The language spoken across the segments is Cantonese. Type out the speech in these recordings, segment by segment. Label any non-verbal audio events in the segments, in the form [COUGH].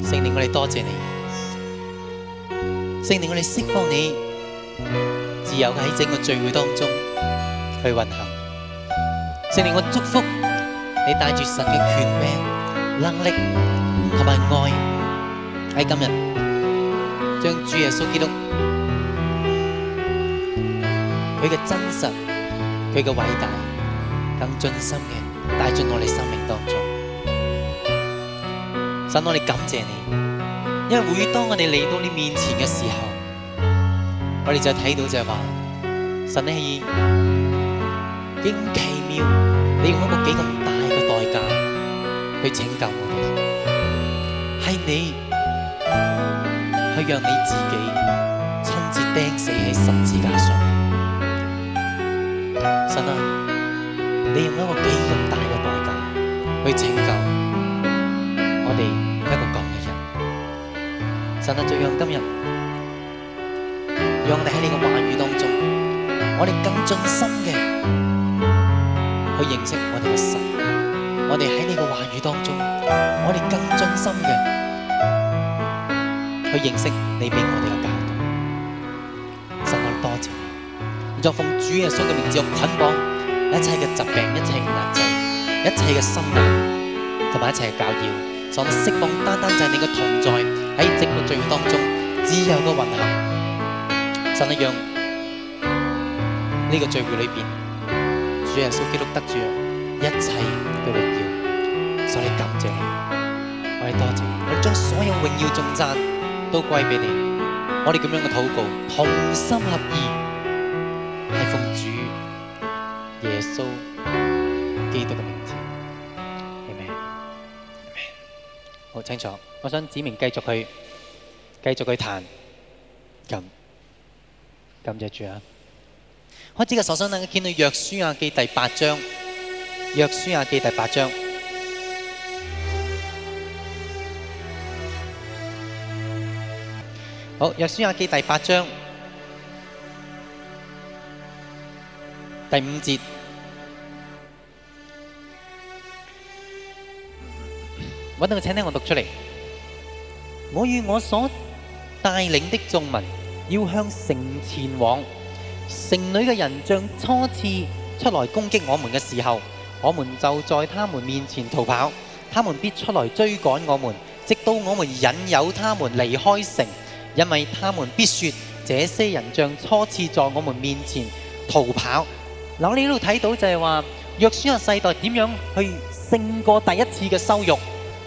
聖靈，我哋多謝你。聖靈，我哋釋放你，自由喺整個聚會當中去運行。聖靈，我祝福你帶住神嘅權柄、能力同埋愛喺今日，將主耶穌基督佢嘅真實、佢嘅偉大，更盡心嘅帶進我哋生命當中。神，我哋感謝你，因為每當我哋嚟到你面前嘅時候，我哋就睇到就係話，神你，竟奇妙，你用一個幾咁大嘅代價去拯救我哋，係你去讓你自己親自釘死喺十字架上，神啊，你用一個幾咁大嘅代價去拯救。神啊，借用今日，讓我哋喺呢個話語當中，我哋更盡心嘅去認識我哋嘅神；我哋喺呢個話語當中，我哋更盡心嘅去認識你俾我哋嘅教導。神啊，多謝你！就奉主耶穌嘅名字，捆綁一切嘅疾病、一切嘅壓制、一切嘅心難同埋一切嘅攪擾。所釋放，單單就係你嘅同在，喺整個聚會當中自由嘅運行，神啊，讓呢個聚會裏邊，主耶穌基督得住一切嘅榮耀，所以感謝你，我哋多謝你，我哋將所有榮耀頌讚都歸俾你，我哋咁樣嘅禱告同心合意。清楚，我想指明繼續去，繼續去彈，咁，感謝主啊！開始嘅手信，能夠見到《約書亞記》第八章，《約書亞記》第八章。好，《約書亞記》第八章第五節。搵到請聽我讀出嚟。我與我所帶領的眾民要向城前往。城裏嘅人像初次出來攻擊我們嘅時候，我們就在他們面前逃跑。他們必出來追趕我們，直到我們引誘他們離開城，因為他們必說，這些人像初次在我們面前逃跑。嗱，喺呢度睇到就係話，約書亞世代點樣去勝過第一次嘅羞辱？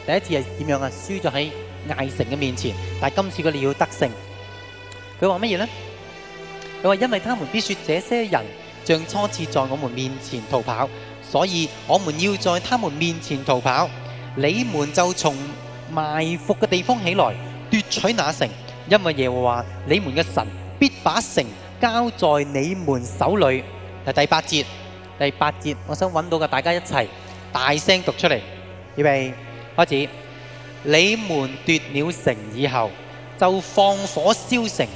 第一次係點樣啊？輸咗喺艾城嘅面前，但係今次佢哋要得勝。佢話乜嘢呢？佢話因為他們必説這些人像初次在我們面前逃跑，所以我們要在他們面前逃跑。你們就從埋伏嘅地方起來奪取那城，因為耶和華你們嘅神必把城交在你們手裏。係第八節，第八節，我想揾到嘅大家一齊大聲讀出嚟，預備。開始，你們奪了城以後，就放火燒城，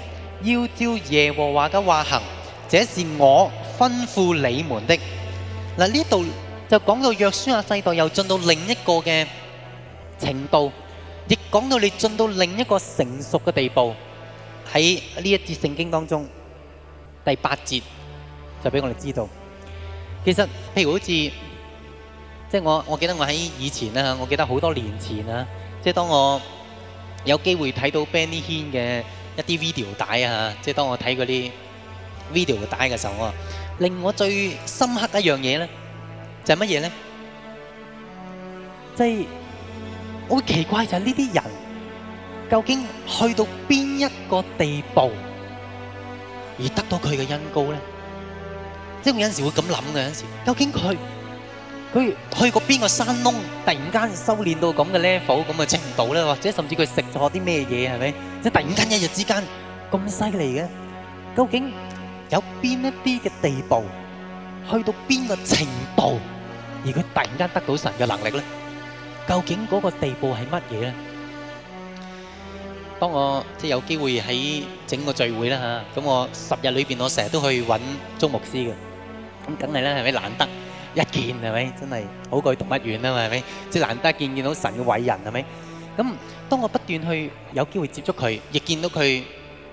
要照耶和華嘅話行，這是我吩咐你們的。嗱，呢度就講到約書亞世代又進到另一個嘅程度，亦講到你進到另一個成熟嘅地步。喺呢一節聖經當中，第八節就俾我哋知道，其實譬如好似。即係我，我記得我喺以前啦，我記得好多年前啦。即係當我有機會睇到 Benny Hinn 嘅一啲 video 帶啊，即係當我睇嗰啲 video 帶嘅時候，令我最深刻一樣嘢咧，就係乜嘢咧？即係我會奇怪，就係呢啲人究竟去到邊一個地步，而得到佢嘅恩膏咧？即係我有陣時會咁諗嘅有陣時，究竟佢？佢去過邊個山窿？突然間修練到咁嘅 level，咁嘅程度咧，或者甚至佢食咗啲咩嘢係咪？即係突然間一日之間咁犀利嘅，究竟有邊一啲嘅地步去到邊個程度，而佢突然間得到神嘅能力咧？究竟嗰個地步係乜嘢咧？當我即係有機會喺整個聚會啦嚇，咁我十日裏邊我成日都去揾鍾牧師嘅，咁梗係咧係咪難得？一件係咪？真係好去動物園啦嘛，係咪？即係難得見見到神嘅偉人，係咪？咁當我不斷去有機會接觸佢，亦見到佢，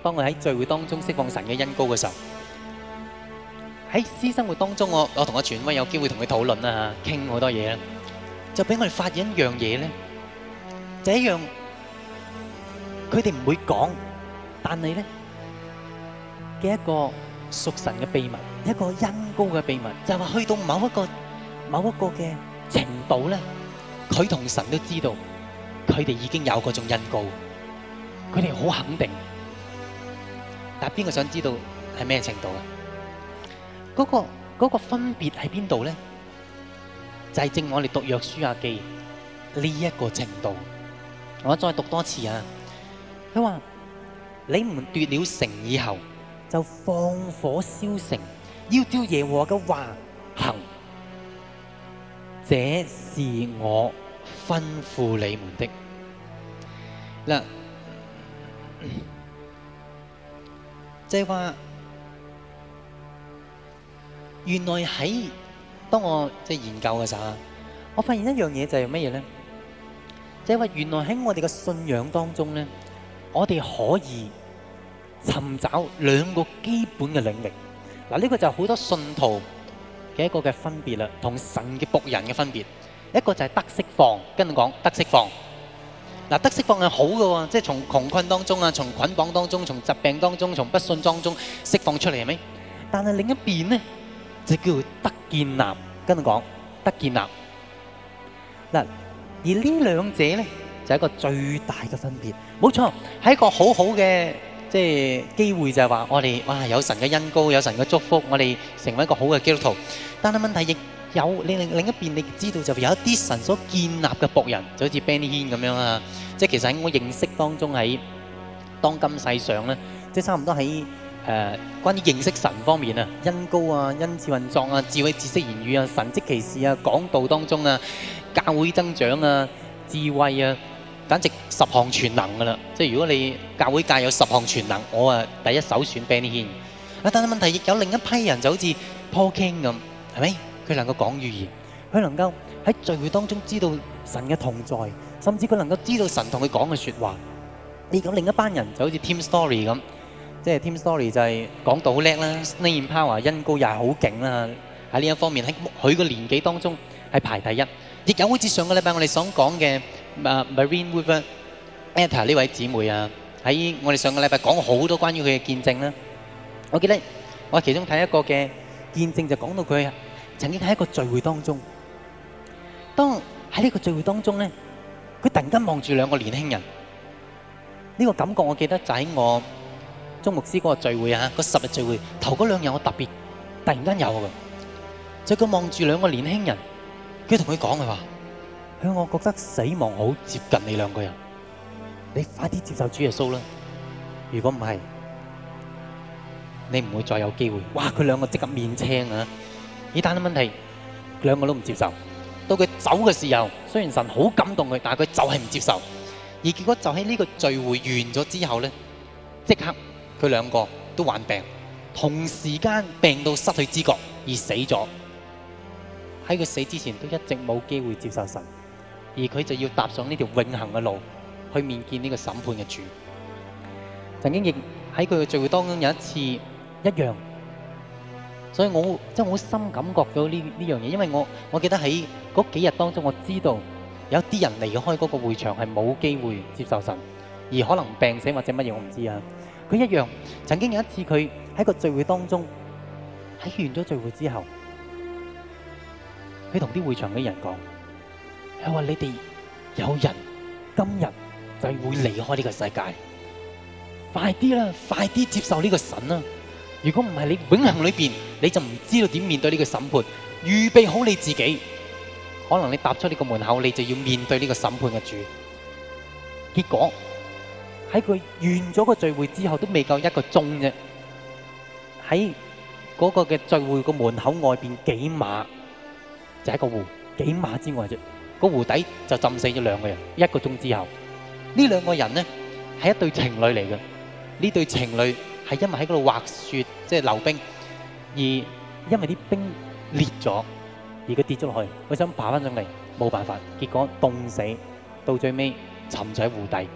當我喺聚會當中釋放神嘅恩膏嘅時候，喺私生活當中，我我同阿傳威有機會同佢討論啊，傾好多嘢咧，就俾我哋發現一樣嘢咧，就一樣，佢哋唔會講，但係咧嘅一個屬神嘅秘密。一個因高嘅秘密，就係話去到某一個、某一個嘅程度咧，佢同神都知道，佢哋已經有嗰種因高，佢哋好肯定。但係邊個想知道係咩程度啊？嗰個嗰個分別喺邊度咧？就係正我哋讀約書亞記呢一個程度。我再讀多次啊！佢話：你唔奪了城以後，就放火燒城。要照耶和華嘅話行，這是我吩咐你們的。嗱，即係話，原來喺當我即係研究嘅時候，我發現一樣嘢就係乜嘢咧？即係話，原來喺我哋嘅信仰當中咧，我哋可以尋找兩個基本嘅領域。嗱，呢個就係好多信徒嘅一個嘅分別啦，同神嘅僕人嘅分別。一個就係得釋放，跟住講得釋放。嗱，得釋放係好㗎喎，即係從窮困當中啊，從捆綁當中，從疾病當中，從不信當中釋放出嚟係咪？但係另一邊咧，就叫得建立，跟住講得建立。嗱，而呢兩者咧，就係一個最大嘅分別。冇錯，係一個好好嘅。即係機會就係話我哋哇有神嘅恩膏有神嘅祝福我哋成為一個好嘅基督徒，但係問題亦有你另另一邊你知道就有一啲神所建立嘅僕人就好似 Benny Hinn 咁樣啊，即係其實喺我認識當中喺當今世上咧，即係差唔多喺誒關於認識神方面啊，恩膏啊，恩賜運作啊，智慧、知識、言語啊，神蹟奇事啊，講道當中啊，教會增長啊，智慧啊，簡直。十項全能噶啦，即係如果你教會界有十項全能，我啊第一首選 Benny Hinn。啊，但係問題亦有另一批人就好似 Paul King 咁，係咪？佢能夠講語言，佢能夠喺聚會當中知道神嘅同在，甚至佢能夠知道神同佢講嘅説話。而咁另一班人就好似 Tim Story 咁，即係 Tim Story 就係講道好叻啦，N 言 Power 音高又係好勁啦，喺呢一方面喺佢個年紀當中係排第一。亦有好似上個禮拜我哋所講嘅 Marine Weaver。etta 呢位姊妹啊，喺我哋上個禮拜講好多關於佢嘅見證啦。我記得我其中睇一個嘅見證就講到佢曾經喺一個聚會當中，當喺呢個聚會當中咧，佢突然間望住兩個年輕人。呢個感覺我記得就喺我鍾牧師嗰個聚會啊，個十日聚會頭嗰兩日我特別突然間有嘅。就佢望住兩個年輕人，佢同佢講佢話，佢我覺得死亡好接近你兩個人。你快啲接受主耶穌啦！如果唔係，你唔會再有機會。哇！佢兩個即刻面青啊！而但係問題，兩個都唔接受。到佢走嘅時候，雖然神好感動佢，但係佢就係唔接受。而結果就喺呢個聚會完咗之後咧，即刻佢兩個都患病，同時間病到失去知覺而死咗。喺佢死之前都一直冇機會接受神，而佢就要踏上呢條永恆嘅路。去面見呢個審判嘅主，曾經亦喺佢嘅聚會當中有一次一樣，所以我即係我深感覺到呢呢樣嘢，因為我我記得喺嗰幾日當中，我知道有啲人離開嗰個會場係冇機會接受神，而可能病死或者乜嘢我唔知啊。佢一樣，曾經有一次佢喺個聚會當中，喺完咗聚會之後，佢同啲會場嘅人講，佢話你哋有人今日。就會離開呢個世界，快啲啦，快啲接受呢個神啦！如果唔係，你永恒裏邊你就唔知道點面對呢個審判，預備好你自己。可能你踏出呢個門口，你就要面對呢個審判嘅主。結果喺佢完咗個聚會之後，都未夠一個鐘啫。喺嗰個嘅聚會個門口外邊幾碼，就係個湖幾碼之外啫。個湖底就浸死咗兩個人。一個鐘之後。呢兩個人咧係一對情侶嚟嘅，呢對情侶係因為喺嗰度滑雪，即係溜冰，而因為啲冰裂咗，而佢跌咗落去，佢想爬翻上嚟冇辦法，結果凍死，到最尾沉咗喺湖底。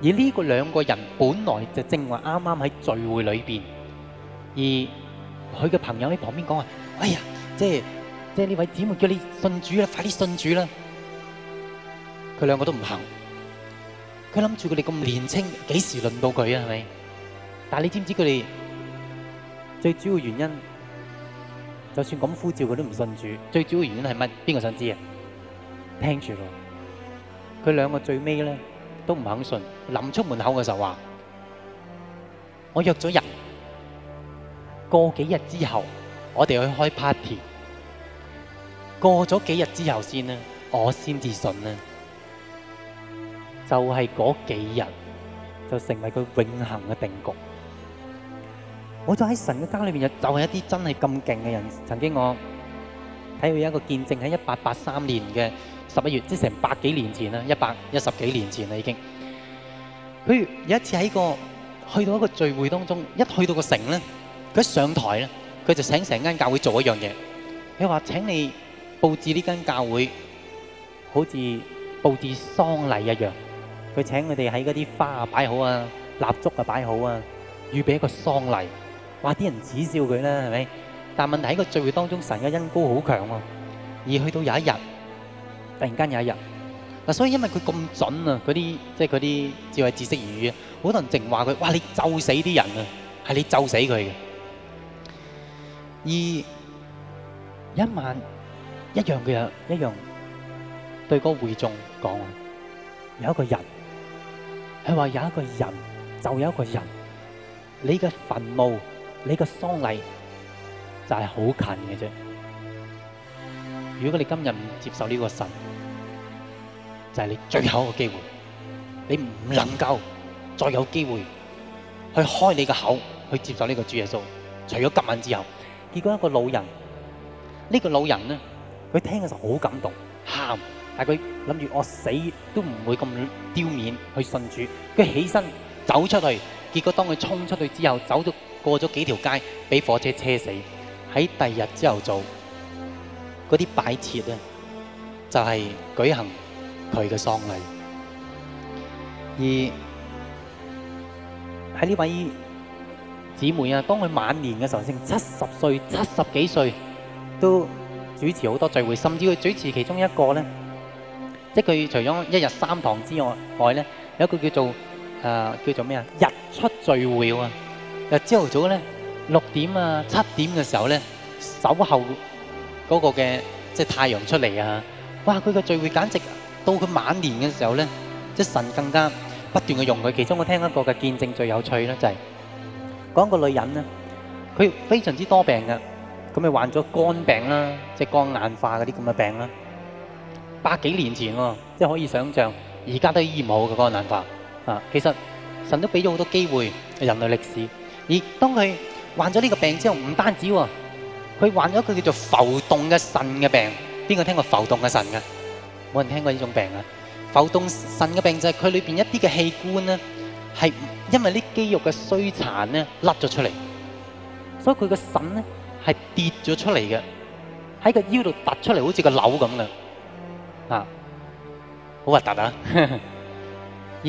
而呢個兩個人本來就正話啱啱喺聚會裏邊，而佢嘅朋友喺旁邊講話：哎呀，即係即係呢位姊妹叫你信主啦，快啲信主啦！佢兩個都唔行。佢諗住佢哋咁年輕，幾時輪到佢啊？係咪？但係你知唔知佢哋最主要原因？就算咁呼召佢都唔信住。最主要原因係乜？邊個想知啊？聽住咯。佢兩個最尾咧都唔肯信。臨出門口嘅時候話：我約咗人，過幾日之後我哋去開 party。過咗幾日之後先啦，我先至信啦。就係嗰幾日，就成為佢永恆嘅定局。我就喺神嘅家裏邊，就就係一啲真係咁勁嘅人。曾經我睇過有一個見證，喺一八八三年嘅十一月，即成百幾年前啦，一百一十幾年前啦已經。佢有一次喺個去到一個聚會當中，一去到個城咧，佢一上台咧，佢就請成間教會做一樣嘢。佢話，請你布置呢間教會，好似布置喪禮一樣。佢請佢哋喺嗰啲花啊擺好啊，蠟燭啊擺好啊，預備一個喪禮。哇！啲人恥笑佢啦，係咪？但問題喺個聚會當中，神嘅恩膏好強啊，而去到有一日，突然間有一日，嗱，所以因為佢咁準啊，嗰啲即係嗰啲智慧知識語啊，好多人淨話佢：「哇！你咒死啲人啊，係你咒死佢嘅。而一晚一樣嘅嘢，一樣對嗰個會眾講啊，有一個人。佢話有一個人，就有一個人，你嘅墳墓，你嘅喪禮就係好近嘅啫。如果你今日唔接受呢個神，就係你最後一個機會，你唔能夠再有機會去開你嘅口去接受呢個主耶穌。除咗今晚之後，結果一個老人，呢個老人咧，佢聽嘅時候好感動，喊。但佢諗住我死都唔會咁丟面去信主，佢起身走出去，結果當佢衝出去之後，走咗過咗幾條街，俾火車車死。喺第二日之後做嗰啲擺設啊，就係舉行佢嘅喪禮。而喺呢位姊妹啊，當佢晚年嘅時候，先七十歲、七十幾歲，都主持好多聚會，甚至佢主持其中一個咧。即係佢除咗一日三堂之外，外咧有一個叫做誒叫做咩啊日出聚會喎。誒朝頭早咧六點啊七點嘅時候咧，守候嗰個嘅即係太陽出嚟啊！哇！佢嘅聚會簡直到佢晚年嘅時候咧，即係神更加不斷嘅用佢。其中我聽過一個嘅見證最有趣咧，就係講個女人咧，佢非常之多病㗎，咁咪患咗肝病啦，即係肝硬化嗰啲咁嘅病啦。百幾年前喎，即係可以想象，而家都醫冇嘅嗰個難度啊！其實神都俾咗好多機會人類歷史。而當佢患咗呢個病之後，唔單止喎，佢患咗佢叫做浮動嘅腎嘅病。邊個聽過浮動嘅腎嘅？冇人聽過呢種病啊！浮動腎嘅病就係佢裏邊一啲嘅器官咧，係因為啲肌肉嘅衰殘咧，甩咗出嚟，所以佢嘅腎咧係跌咗出嚟嘅，喺個腰度突出嚟，好似個瘤咁嘅。啊，好核突啊！而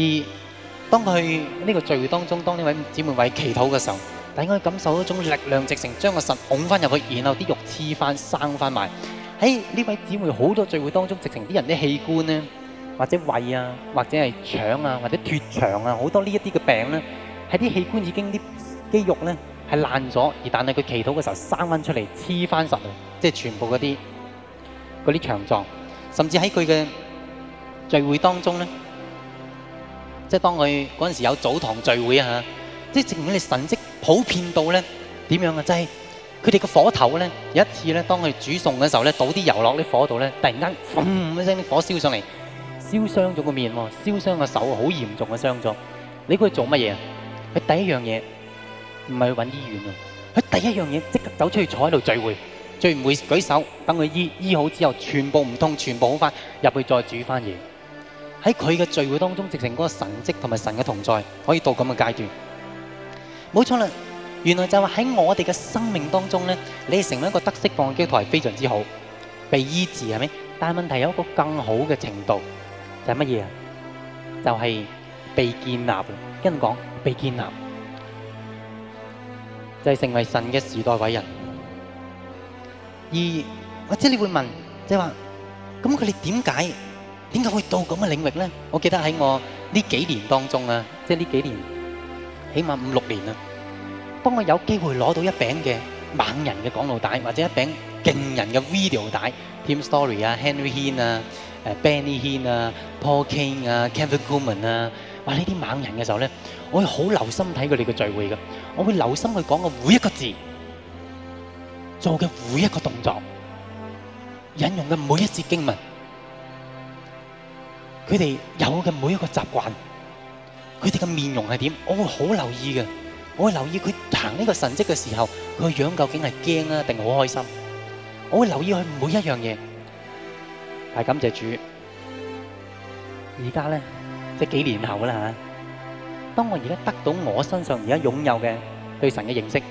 當佢呢個聚會當中，當呢位姊妹為祈禱嘅時候，大家應該感受一種力量，直情將個腎拱翻入去，然後啲肉黐翻生翻埋。喺呢位姊妹好多聚會當中，直情啲人啲器官咧，或者胃啊，或者係腸啊，或者脱腸啊，好多呢一啲嘅病咧，喺啲器官已經啲肌肉咧係爛咗，而但係佢祈禱嘅時候生翻出嚟黐翻神，即係全部嗰啲嗰啲強壯。甚至喺佢嘅聚會當中呢，即係當佢嗰時候有早堂聚會啊，即係證明你神跡普遍到咧點樣啊？就係佢哋個火頭呢，有一次呢，當佢煮餸嘅時候倒啲油落啲火度呢，突然間嘣一聲，火燒上嚟，燒傷咗個面喎，燒傷個手，好嚴重嘅傷咗。你估佢做乜嘢啊？佢第一樣嘢唔係去搵醫院喎，佢第一樣嘢即刻走出去坐喺度聚會。最唔會舉手，等佢醫醫好之後，全部唔痛，全部好返，入去再煮返嘢。喺佢嘅聚會當中，直成嗰個神跡同埋神嘅同在，可以到咁嘅階段。冇錯啦，原來就係喺我哋嘅生命當中咧，你係成為一個得釋放嘅基礎係非常之好，被醫治係咪？但係問題有一個更好嘅程度，就係乜嘢啊？就係被建立。跟住講被建立，就係成為神嘅時代偉人。而或者你會問，即係話咁佢哋點解點解會到咁嘅領域咧？我記得喺我呢幾年當中啊，即係呢幾年，起碼五六年啊，當我有機會攞到一餅嘅猛人嘅港奴帶，或者一餅勁人嘅 video 帶，Tim Story 啊、Henry Hinn 啊、誒 Benny Hinn 啊、Paul King 啊、Kevin Coleman 啊，話呢啲猛人嘅時候咧，我會好留心睇佢哋嘅聚會嘅，我會留心佢講嘅每一個字，做嘅每一個動作，引用嘅每一節經文，佢哋有嘅每一個習慣，佢哋嘅面容係點，我會好留意嘅。我會留意佢行呢個神跡嘅時候，佢嘅樣究竟係驚啊定好開心？我會留意佢每一樣嘢。係感謝主，而家呢即係幾年後啦嚇。當我而家得到我身上而家擁有嘅對神嘅認識，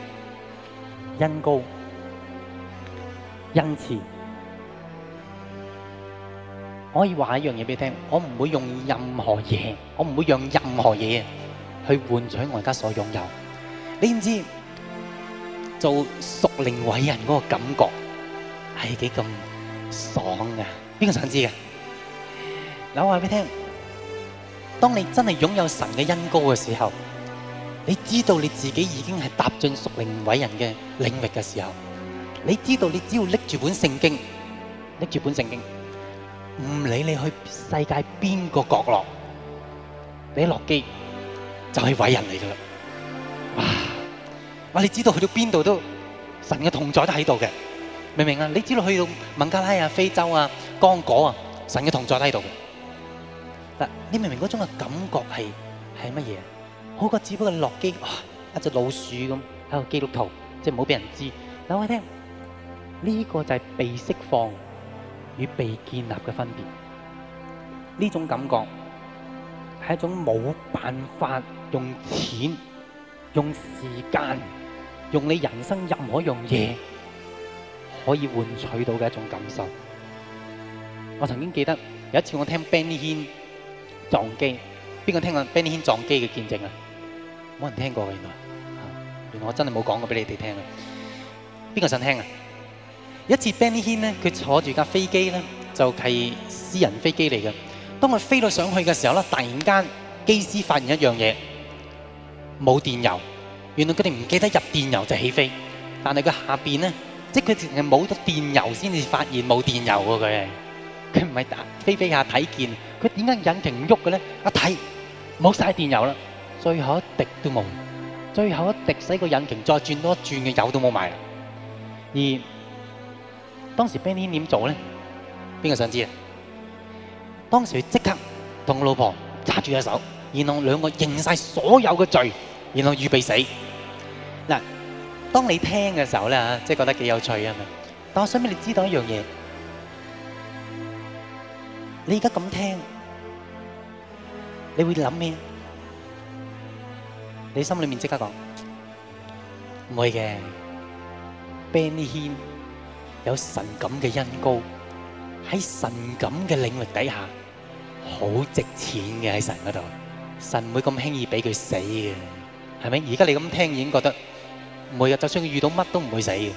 恩膏。因此，我可以話一樣嘢俾你聽，我唔會用任何嘢，我唔會用任何嘢去換取我而家所擁有。你知唔知做屬靈偉人嗰個感覺係幾咁爽啊？邊個想知嘅？嗱，我話俾你聽，當你真係擁有神嘅恩膏嘅時候，你知道你自己已經係踏進屬靈偉人嘅領域嘅時候。你知道你只要拎住本聖經，拎住本聖經，唔理你去世界邊個角落，你落機就係偉人嚟噶啦！哇！我你知道去到邊度都神嘅同在都喺度嘅，明唔明啊？你知道去到孟加拉啊、非洲啊、剛果啊，神嘅同在都喺度嘅。嗱，你明唔明嗰種嘅感覺係係乜嘢？好過只不過落機啊，一隻老鼠咁喺個基督徒，即係唔好俾人知。等我聽。呢、這個就係被釋放與被建立嘅分別。呢種感覺係一種冇辦法用錢、用時間、用你人生任何一樣嘢可以換取到嘅一種感受。我曾經記得有一次我聽 Benny Hinn 撞機，邊個聽過 Benny Hinn 撞機嘅見證啊？冇人聽過。原來原來我真係冇講過俾你哋聽啊！邊個想聽啊？一次，Benjamin 咧，佢坐住架飛機咧，就係私人飛機嚟嘅。當佢飛到上去嘅時候咧，突然間機師發現一樣嘢，冇電油。原來佢哋唔記得入電油就起飛。但係佢下邊咧，即係佢淨係冇咗電油先至發現冇電油喎。佢係，佢唔係飛飛下睇見，佢點解引擎唔喐嘅咧？一睇冇曬電油啦，最後一滴都冇，最後一滴使個引擎再轉多一轉嘅油都冇埋啦，而。當時 Benny 點做咧？邊個想知啊？當時佢即刻同我老婆揸住隻手，然後兩個認晒所有嘅罪，然後預備死。嗱，當你聽嘅時候咧吓，即係覺得幾有趣啊嘛。但係我想俾你知道一樣嘢，你而家咁聽，你會諗咩？你心裏面即刻講，唔會嘅，Benny。有神感嘅恩膏喺神感嘅領域底下，好值錢嘅，喺神嗰度，神唔會咁輕易俾佢死嘅，係咪？而家你咁聽已經覺得，每日就算佢遇到乜都唔會死嘅，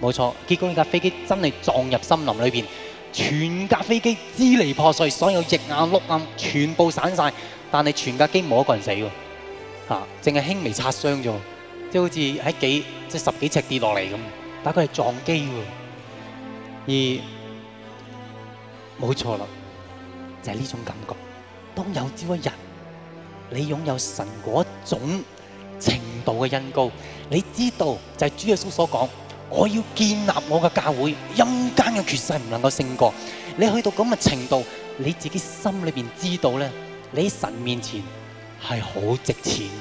冇錯。結果呢架飛機真係撞入森林裏邊，全架飛機支離破碎，所有翼眼碌眼全部散晒，但係全架機冇一個人死喎，吓，淨係輕微擦傷啫，即係好似喺幾即係十幾尺跌落嚟咁，但係佢係撞機喎。而冇錯啦，就係、是、呢種感覺。當有朝一日，你擁有神嗰種程度嘅恩膏，你知道就係主耶穌所講，我要建立我嘅教會，陰間嘅絕世唔能夠勝過。你去到咁嘅程度，你自己心裏面知道咧，你喺神面前係好值錢的，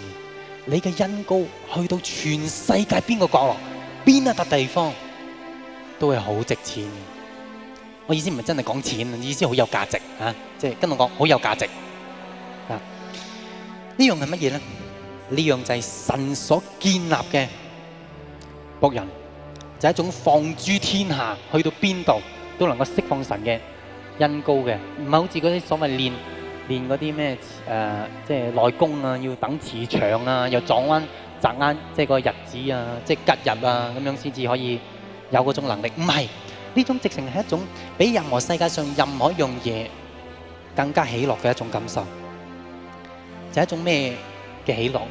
你嘅恩膏去到全世界邊個角落，邊一笪地方，都會好值錢。我意思唔係真係講錢，意思好有價值啊！即、就、係、是、跟我講好有價值啊！這是什麼？呢樣係乜嘢咧？呢樣就係神所建立嘅僕人，就是、一種放諸天下，去到邊度都能夠釋放神嘅恩膏嘅，唔係好似嗰啲所謂練練嗰啲咩誒，即係內功啊，要等磁場啊，又撞硬砸硬，即、就、係、是、個日子啊，即、就、係、是、吉日啊，咁樣先至可以。有嗰種能力，唔係呢種，直情係一種比任何世界上任何一樣嘢更加喜樂嘅一種感受，就係一種咩嘅喜樂？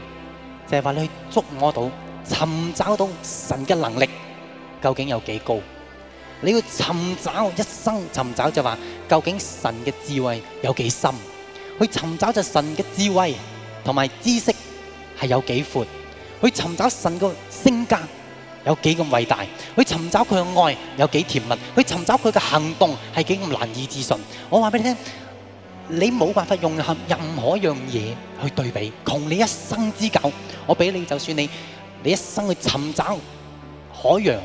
就係話你去捉摸到，尋找到神嘅能力究竟有幾高？你要尋找一生尋找就說，就話究竟神嘅智慧有幾深？去尋找就神嘅智慧同埋知識係有幾闊？去尋找神個性格。有幾咁偉大？去尋找佢嘅愛有幾甜蜜？去尋找佢嘅行動係幾咁難以置信？我話俾你聽，你冇辦法用任何一樣嘢去對比，窮你一生之久。我俾你就算你，你一生去尋找海洋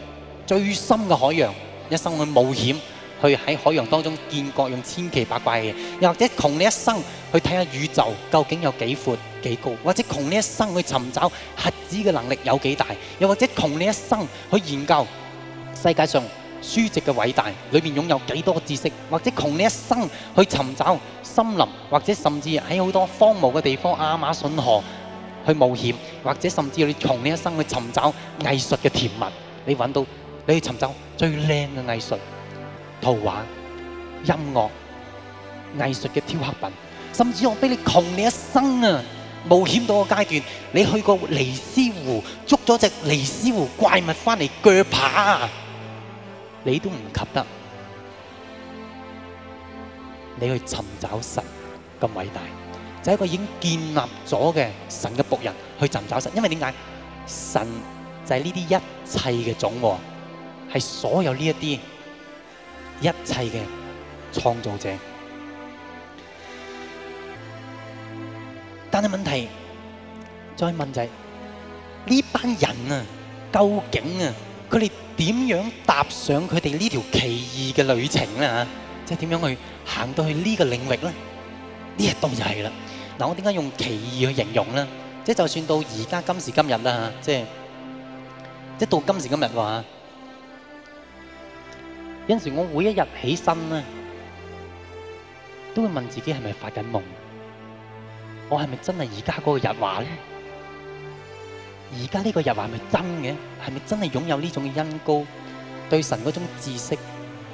最深嘅海洋，一生去冒險去喺海洋當中見過用千奇百怪嘅嘢，又或者窮你一生去睇下宇宙究竟有幾闊？或者窮呢一生去尋找核子嘅能力有幾大？又或者窮呢一生去研究世界上書籍嘅偉大，裏面擁有幾多知識，或者窮呢一生去尋找森林，或者甚至喺好多荒蕪嘅地方，亞馬遜河去冒險，或者甚至窮你窮呢一生去尋找藝術嘅甜蜜，你揾到你去尋找最靚嘅藝術、圖畫、音樂、藝術嘅挑極品，甚至我俾你窮你一生啊！冒險到個階段，你去過尼斯湖，捉咗隻尼斯湖怪物翻嚟鋸扒，你都唔及得。你去尋找神咁偉大，就係、是、一個已經建立咗嘅神嘅僕人去尋找神。因為點解？神就係呢啲一切嘅種，係所有呢一啲一切嘅創造者。但係問題，再問就係呢班人啊，究竟啊，佢哋點樣踏上佢哋呢條奇異嘅旅程咧？吓，即係點樣去行到去呢個領域咧？呢一度就係啦。嗱，我點解用奇異去形容咧？即係就算到而家今時今日啦，吓，即係即係到今時今日話，有時我每一日起身咧，都會問自己係咪發緊夢？我係咪真係而家嗰個日華呢？而家呢個日華係咪真嘅？係咪真係擁有呢種恩高？對神嗰種知識，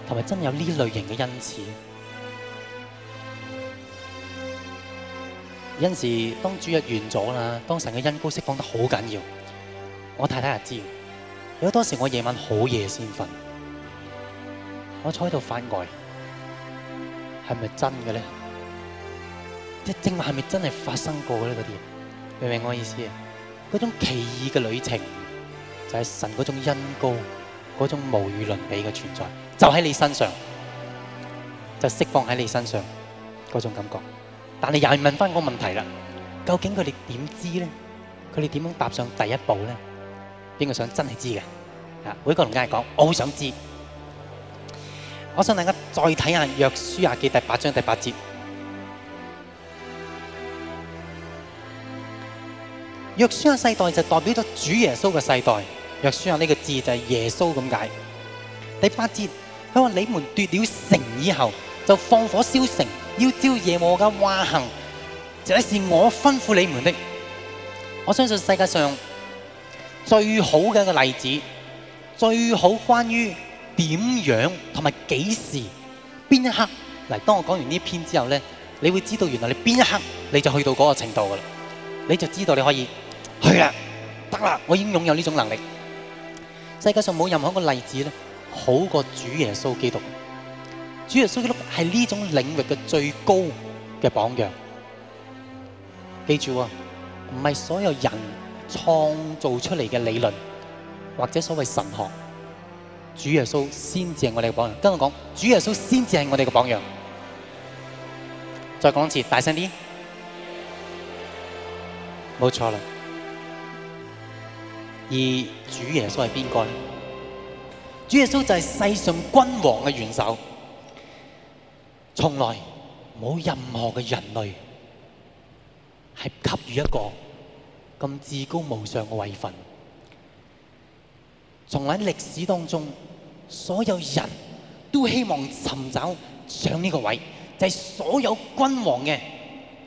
同埋真有呢類型嘅恩賜？有陣時候當主日完咗啦，當神嘅恩高釋放得好緊要，我太太就知道。有好多時我夜晚好夜先瞓，我坐喺度發呆，係咪真嘅呢？即係正話係咪真係發生過咧？嗰啲明唔明我意思啊？嗰種奇異嘅旅程就係神嗰種恩膏，嗰種無與倫比嘅存在，就喺你身上，就釋放喺你身上嗰種感覺。但係又係問翻個問題啦：究竟佢哋點知咧？佢哋點樣踏上第一步咧？邊個想真係知嘅啊？每一個人梗係講，我好想知。我想大家再睇下《約書亞記》第八章第八節。約書嘅世代就代，代表咗主耶穌嘅世代，約書有呢個字就係耶穌咁解。第八節佢話，你們奪了城以後就放火燒城，要照耶和華嘅話行，這，就是我吩咐你們的。我相信世界上最好嘅一個例子，最好關於點樣同埋幾時邊一刻，嗱，當我講完呢篇之後咧，你會知道原來你邊一刻你就去到嗰個程度噶啦，你就知道你可以。去啦，得啦，我已經擁有呢種能力。世界上冇任何一個例子咧，好過主耶穌基督。主耶穌基督係呢種領域嘅最高嘅榜樣。記住啊，唔係所有人創造出嚟嘅理論或者所謂神學，主耶穌先至係我哋嘅榜樣。跟我講，主耶穌先至係我哋嘅榜樣。再講一次，大聲啲，冇錯啦。而主耶穌係邊個？主耶穌就係世上君王嘅元首，從來冇任何嘅人類係給予一個咁至高無上嘅位份。從喺歷史當中，所有人都希望尋找上呢個位，就係所有君王嘅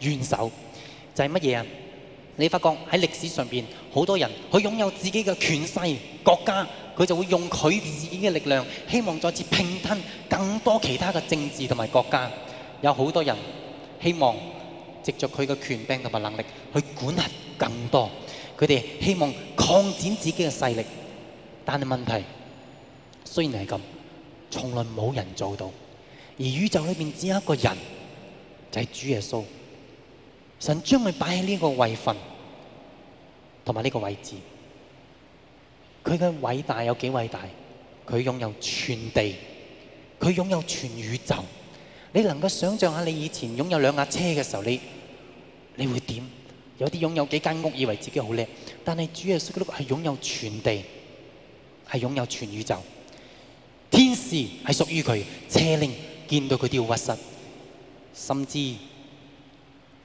元首，就係乜嘢？你發覺喺歷史上面，好多人，佢擁有自己嘅權勢國家，佢就會用佢自己嘅力量，希望再次併吞更多其他嘅政治同埋國家。有好多人希望藉著佢嘅權柄同埋能力去管轄更多，佢哋希望擴展自己嘅勢力。但係問題雖然係咁，從來冇人做到。而宇宙裏面，只有一個人，就係主耶穌。神將佢擺喺呢個位份，同埋呢個位置，佢嘅偉大有幾偉大？佢擁有全地，佢擁有全宇宙。你能夠想象下，你以前擁有兩架車嘅時候，你你會點？有啲擁有幾間屋，以為自己好叻，但係主耶穌基督係擁有全地，係擁有全宇宙，天使係屬於佢，車靈見到佢都要屈膝，甚至。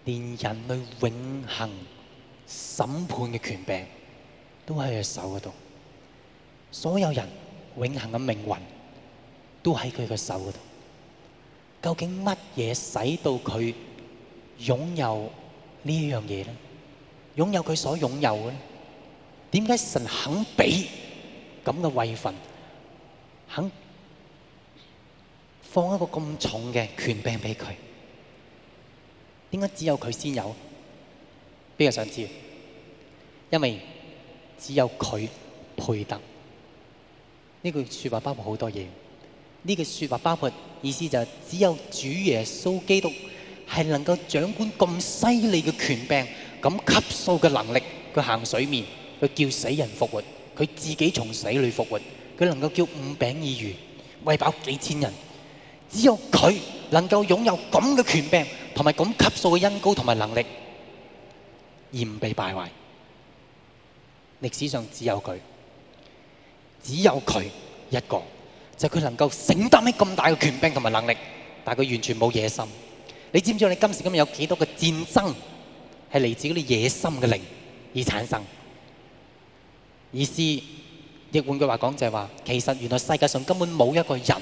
連人類永恒審判嘅權柄，都喺佢手嗰度。所有人永恒嘅命運，都喺佢嘅手嗰度。究竟乜嘢使到佢擁有這件事呢樣嘢咧？擁有佢所擁有嘅咧？點解神肯俾咁嘅位份，肯放一個咁重嘅權柄俾佢？點解只有佢先有？邊個想知，因為只有佢配得。呢句説話包括好多嘢。呢句説話包括意思就係只有主耶穌基督係能夠掌管咁犀利嘅權柄、咁級數嘅能力，佢行水面，佢叫死人復活，佢自己從死裏復活，佢能夠叫五餅二魚餵飽幾千人。只有佢能夠擁有咁嘅權柄同埋咁級數嘅恩膏同埋能力，而唔被敗壞。歷史上只有佢，只有佢一個，就係佢能夠承擔起咁大嘅權柄同埋能力，但佢完全冇野心。你知唔知道你今時今日有幾多嘅戰爭係嚟自嗰啲野心嘅靈而產生？意思，亦換句話講，就係話其實原來世界上根本冇一個人。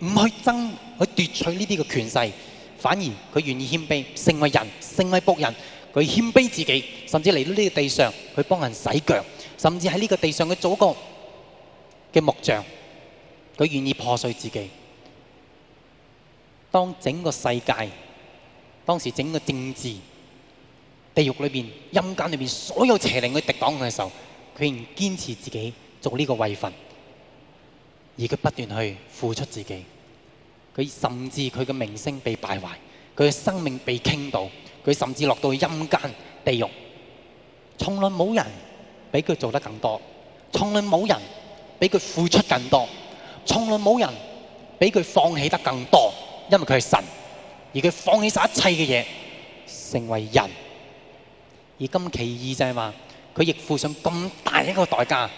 唔去爭去奪取呢啲嘅權勢，反而佢願意謙卑，成為人，成為僕人，佢謙卑自己，甚至嚟到呢個地上去幫人洗腳，甚至喺呢個地上嘅祖國嘅木匠，佢願意破碎自己。當整個世界，當時整個政治、地獄裏邊、陰間裏邊所有邪靈去敵擋佢嘅時候，佢仍堅持自己做呢個位份。而佢不斷去付出自己，佢甚至佢嘅名聲被敗壞，佢嘅生命被傾倒，佢甚至落到陰間地獄。從來冇人比佢做得更多，從來冇人比佢付出更多，從來冇人比佢放棄得更多。因為佢係神，而佢放棄晒一切嘅嘢，成為人。而今其意就係話，佢亦付上咁大一個代價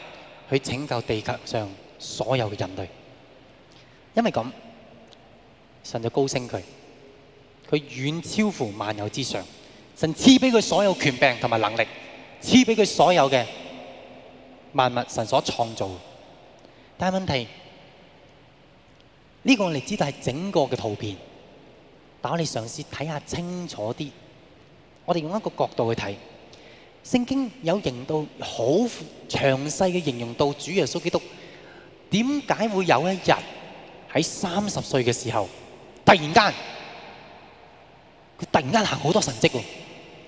去拯救地球上所有嘅人類，因為咁，神就高升佢，佢遠超乎萬有之上。神賜俾佢所有權柄同埋能力，賜俾佢所有嘅萬物，神所創造。但係問題呢，這個我哋知道係整個嘅圖片，但我哋嘗試睇下清楚啲。我哋用一個角度去睇，聖經有形到好詳細嘅形容到主耶穌基督。點解會有一日喺三十歲嘅時候，突然間佢突然間行好多神蹟喎，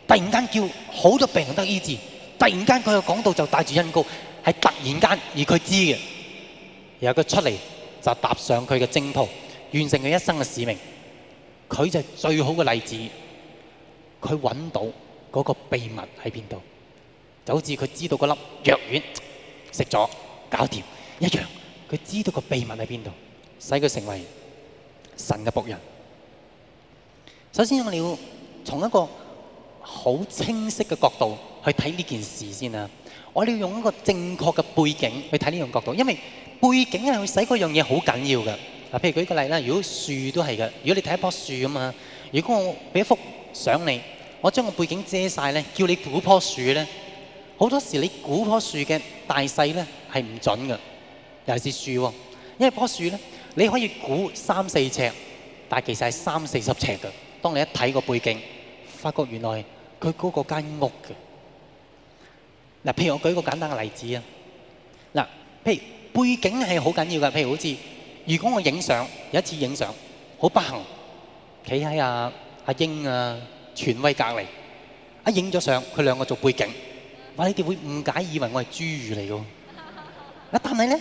突然間叫好多病人得醫治，突然間佢嘅講道就帶住恩膏，係突然間而佢知嘅，然後佢出嚟就踏上佢嘅征途，完成佢一生嘅使命。佢就係最好嘅例子，佢揾到嗰個秘密喺邊度，就好似佢知道嗰粒藥丸食咗搞掂一樣。佢知道個秘密喺邊度，使佢成為神嘅僕人。首先，我哋要從一個好清晰嘅角度去睇呢件事先啦。我哋要用一個正確嘅背景去睇呢種角度，因為背景係去使嗰樣嘢好緊要嘅。嗱，譬如舉個例啦，如果樹都係嘅，如果你睇一棵樹咁嘛，如果我俾一幅相你，我將個背景遮晒，咧，叫你估樖樹咧，好多時你估樖樹嘅大細咧係唔準嘅。又係枝樹喎，因為棵樹咧，你可以估三四尺，但係其實係三四十尺嘅。當你一睇個背景，發覺原來佢嗰個間屋嘅。嗱，譬如我舉個簡單嘅例子啊，嗱，譬如背景係好緊要㗎。譬如好似，如果我影相，有一次影相，好不幸，企喺阿阿英啊、權威隔籬，一影咗相，佢兩個做背景，話你哋會誤解以為我係侏儒嚟嘅。啊但係咧。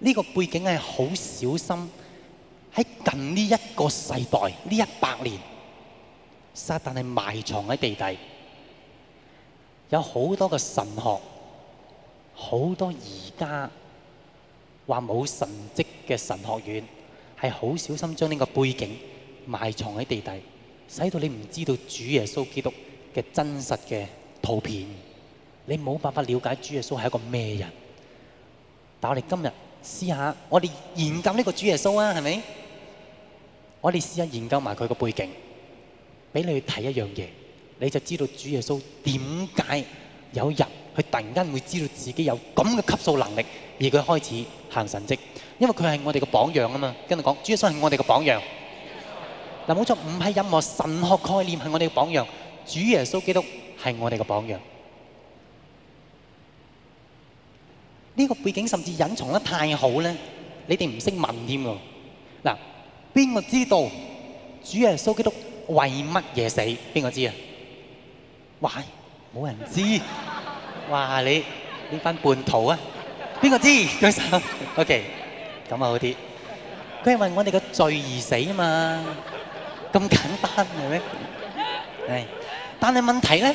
呢個背景係好小心喺近呢一個世代呢一百年，撒旦係埋藏喺地底，有好多嘅神學，好多而家話冇神跡嘅神學院，係好小心將呢個背景埋藏喺地底，使到你唔知道主耶穌基督嘅真實嘅圖片，你冇辦法了解主耶穌係一個咩人。但我哋今日。試下我哋研究呢個主耶穌啊，係咪？我哋試下研究埋佢個背景，俾你去睇一樣嘢，你就知道主耶穌點解有人佢突然間會知道自己有咁嘅級數能力，而佢開始行神跡，因為佢係我哋嘅榜樣啊嘛。跟住講，主耶穌係我哋嘅榜樣。嗱，冇錯，唔係任何神學概念係我哋嘅榜樣，主耶穌基督係我哋嘅榜樣。呢個背景甚至隱藏得太好咧，你哋唔識問添喎。嗱，邊個知道主耶穌基督為乜嘢死？邊個知啊？哇，冇人知。哇，你呢班半途啊？邊個知？舉手，OK，咁啊好啲。佢係為我哋嘅罪而死啊嘛，咁簡單係咪？係。但係問題咧。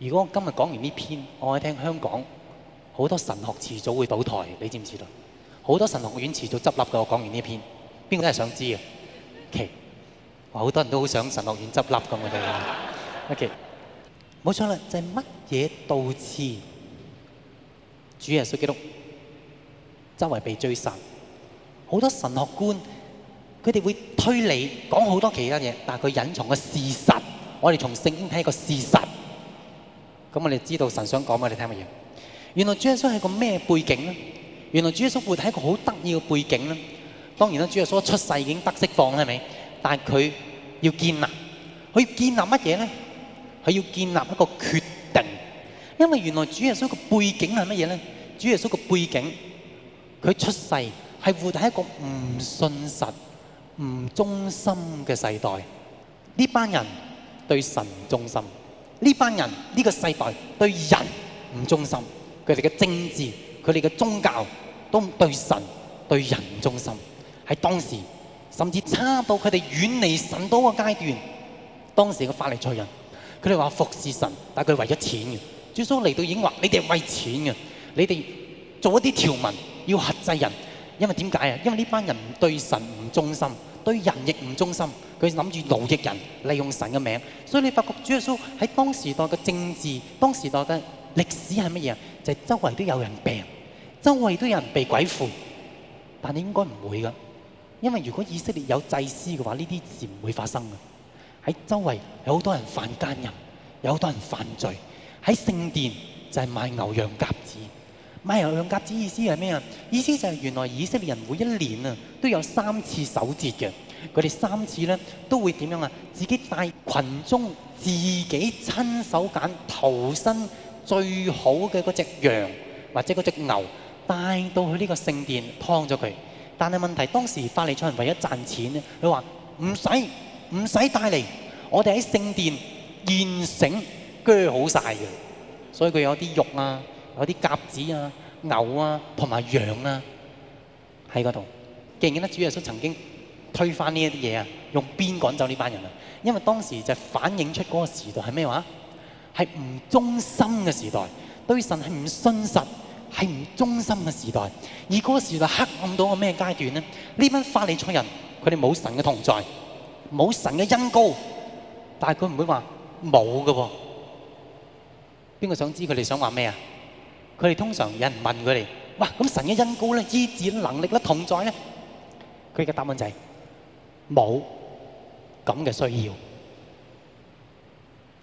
如果我今日講完呢篇，我喺聽，聽香港好多神學遲早會倒台，你知唔知道？好多神學院遲早執笠嘅。我講完呢篇，邊個係想知嘅？奇、okay. 好多人都好想神學院執笠咁嘅。OK，冇錯啦，就係乜嘢導致主耶穌基督周圍被追殺？好多神學官佢哋會推理講好多其他嘢，但係佢隱藏嘅事實，我哋從聖經睇個事實。咁我哋知道神想講乜？你聽乜嘢？原來主耶穌係個咩背景咧？原來主耶穌活喺一個好得意嘅背景咧。當然啦，主耶穌出世已經得釋放啦，係咪？但係佢要建立，佢要建立乜嘢咧？佢要建立一個決定，因為原來主耶穌個背景係乜嘢咧？主耶穌個背景，佢出世係活喺一個唔信實、唔忠心嘅世代，呢班人對神忠心。呢班人呢、呢個世代對人唔忠心，佢哋嘅政治、佢哋嘅宗教都對神對人唔忠心。喺當時甚至差到佢哋遠離神的個階段。當時嘅法利賽人，佢哋話服侍神，但係佢為咗錢嘅。耶穌嚟到已經話，你哋為錢嘅，你哋做一啲條文要轄制人。因為點解呀？因為呢班人對對神唔忠心。對人亦唔忠心，佢諗住奴役人，利用神嘅名。所以你發覺主耶穌喺當時代嘅政治，當時代嘅歷史係乜嘢？就係、是、周圍都有人病，周圍都有人被鬼附。但你應該唔會噶，因為如果以色列有祭司嘅話，呢啲事唔會發生嘅，喺周圍有好多人犯奸淫，有好多人犯罪。喺聖殿就係賣牛羊鴿子。買羊鴿子意思係咩麼意思？就係原來以色列人每一年都有三次守節嘅，佢哋三次都會點樣自己帶群眾自己親手揀頭生最好嘅嗰隻羊或者嗰隻牛帶到去呢個聖殿劏咗佢。但係問題當時法利賽人為了賺錢咧，佢話唔使唔使帶嚟，我哋喺聖殿現成割好晒嘅，所以佢有啲肉啊。有啲鴿子啊、牛啊同埋羊啊，喺嗰度，記唔記得主耶穌曾經推翻呢一啲嘢啊？用鞭趕走呢班人啊！因為當時就反映出嗰個時代係咩話？係唔忠心嘅時代，對神係唔信實，係唔忠心嘅時代。而嗰個時代黑暗到個咩階段咧？呢班法利賽人佢哋冇神嘅同在，冇神嘅恩膏。但係佢唔會話冇嘅噃。邊個想知佢哋想話咩啊？佢哋通常有人問佢哋：哇，咁神嘅恩膏呢、醫治能力呢、同在呢？佢嘅答案就係冇咁嘅需要。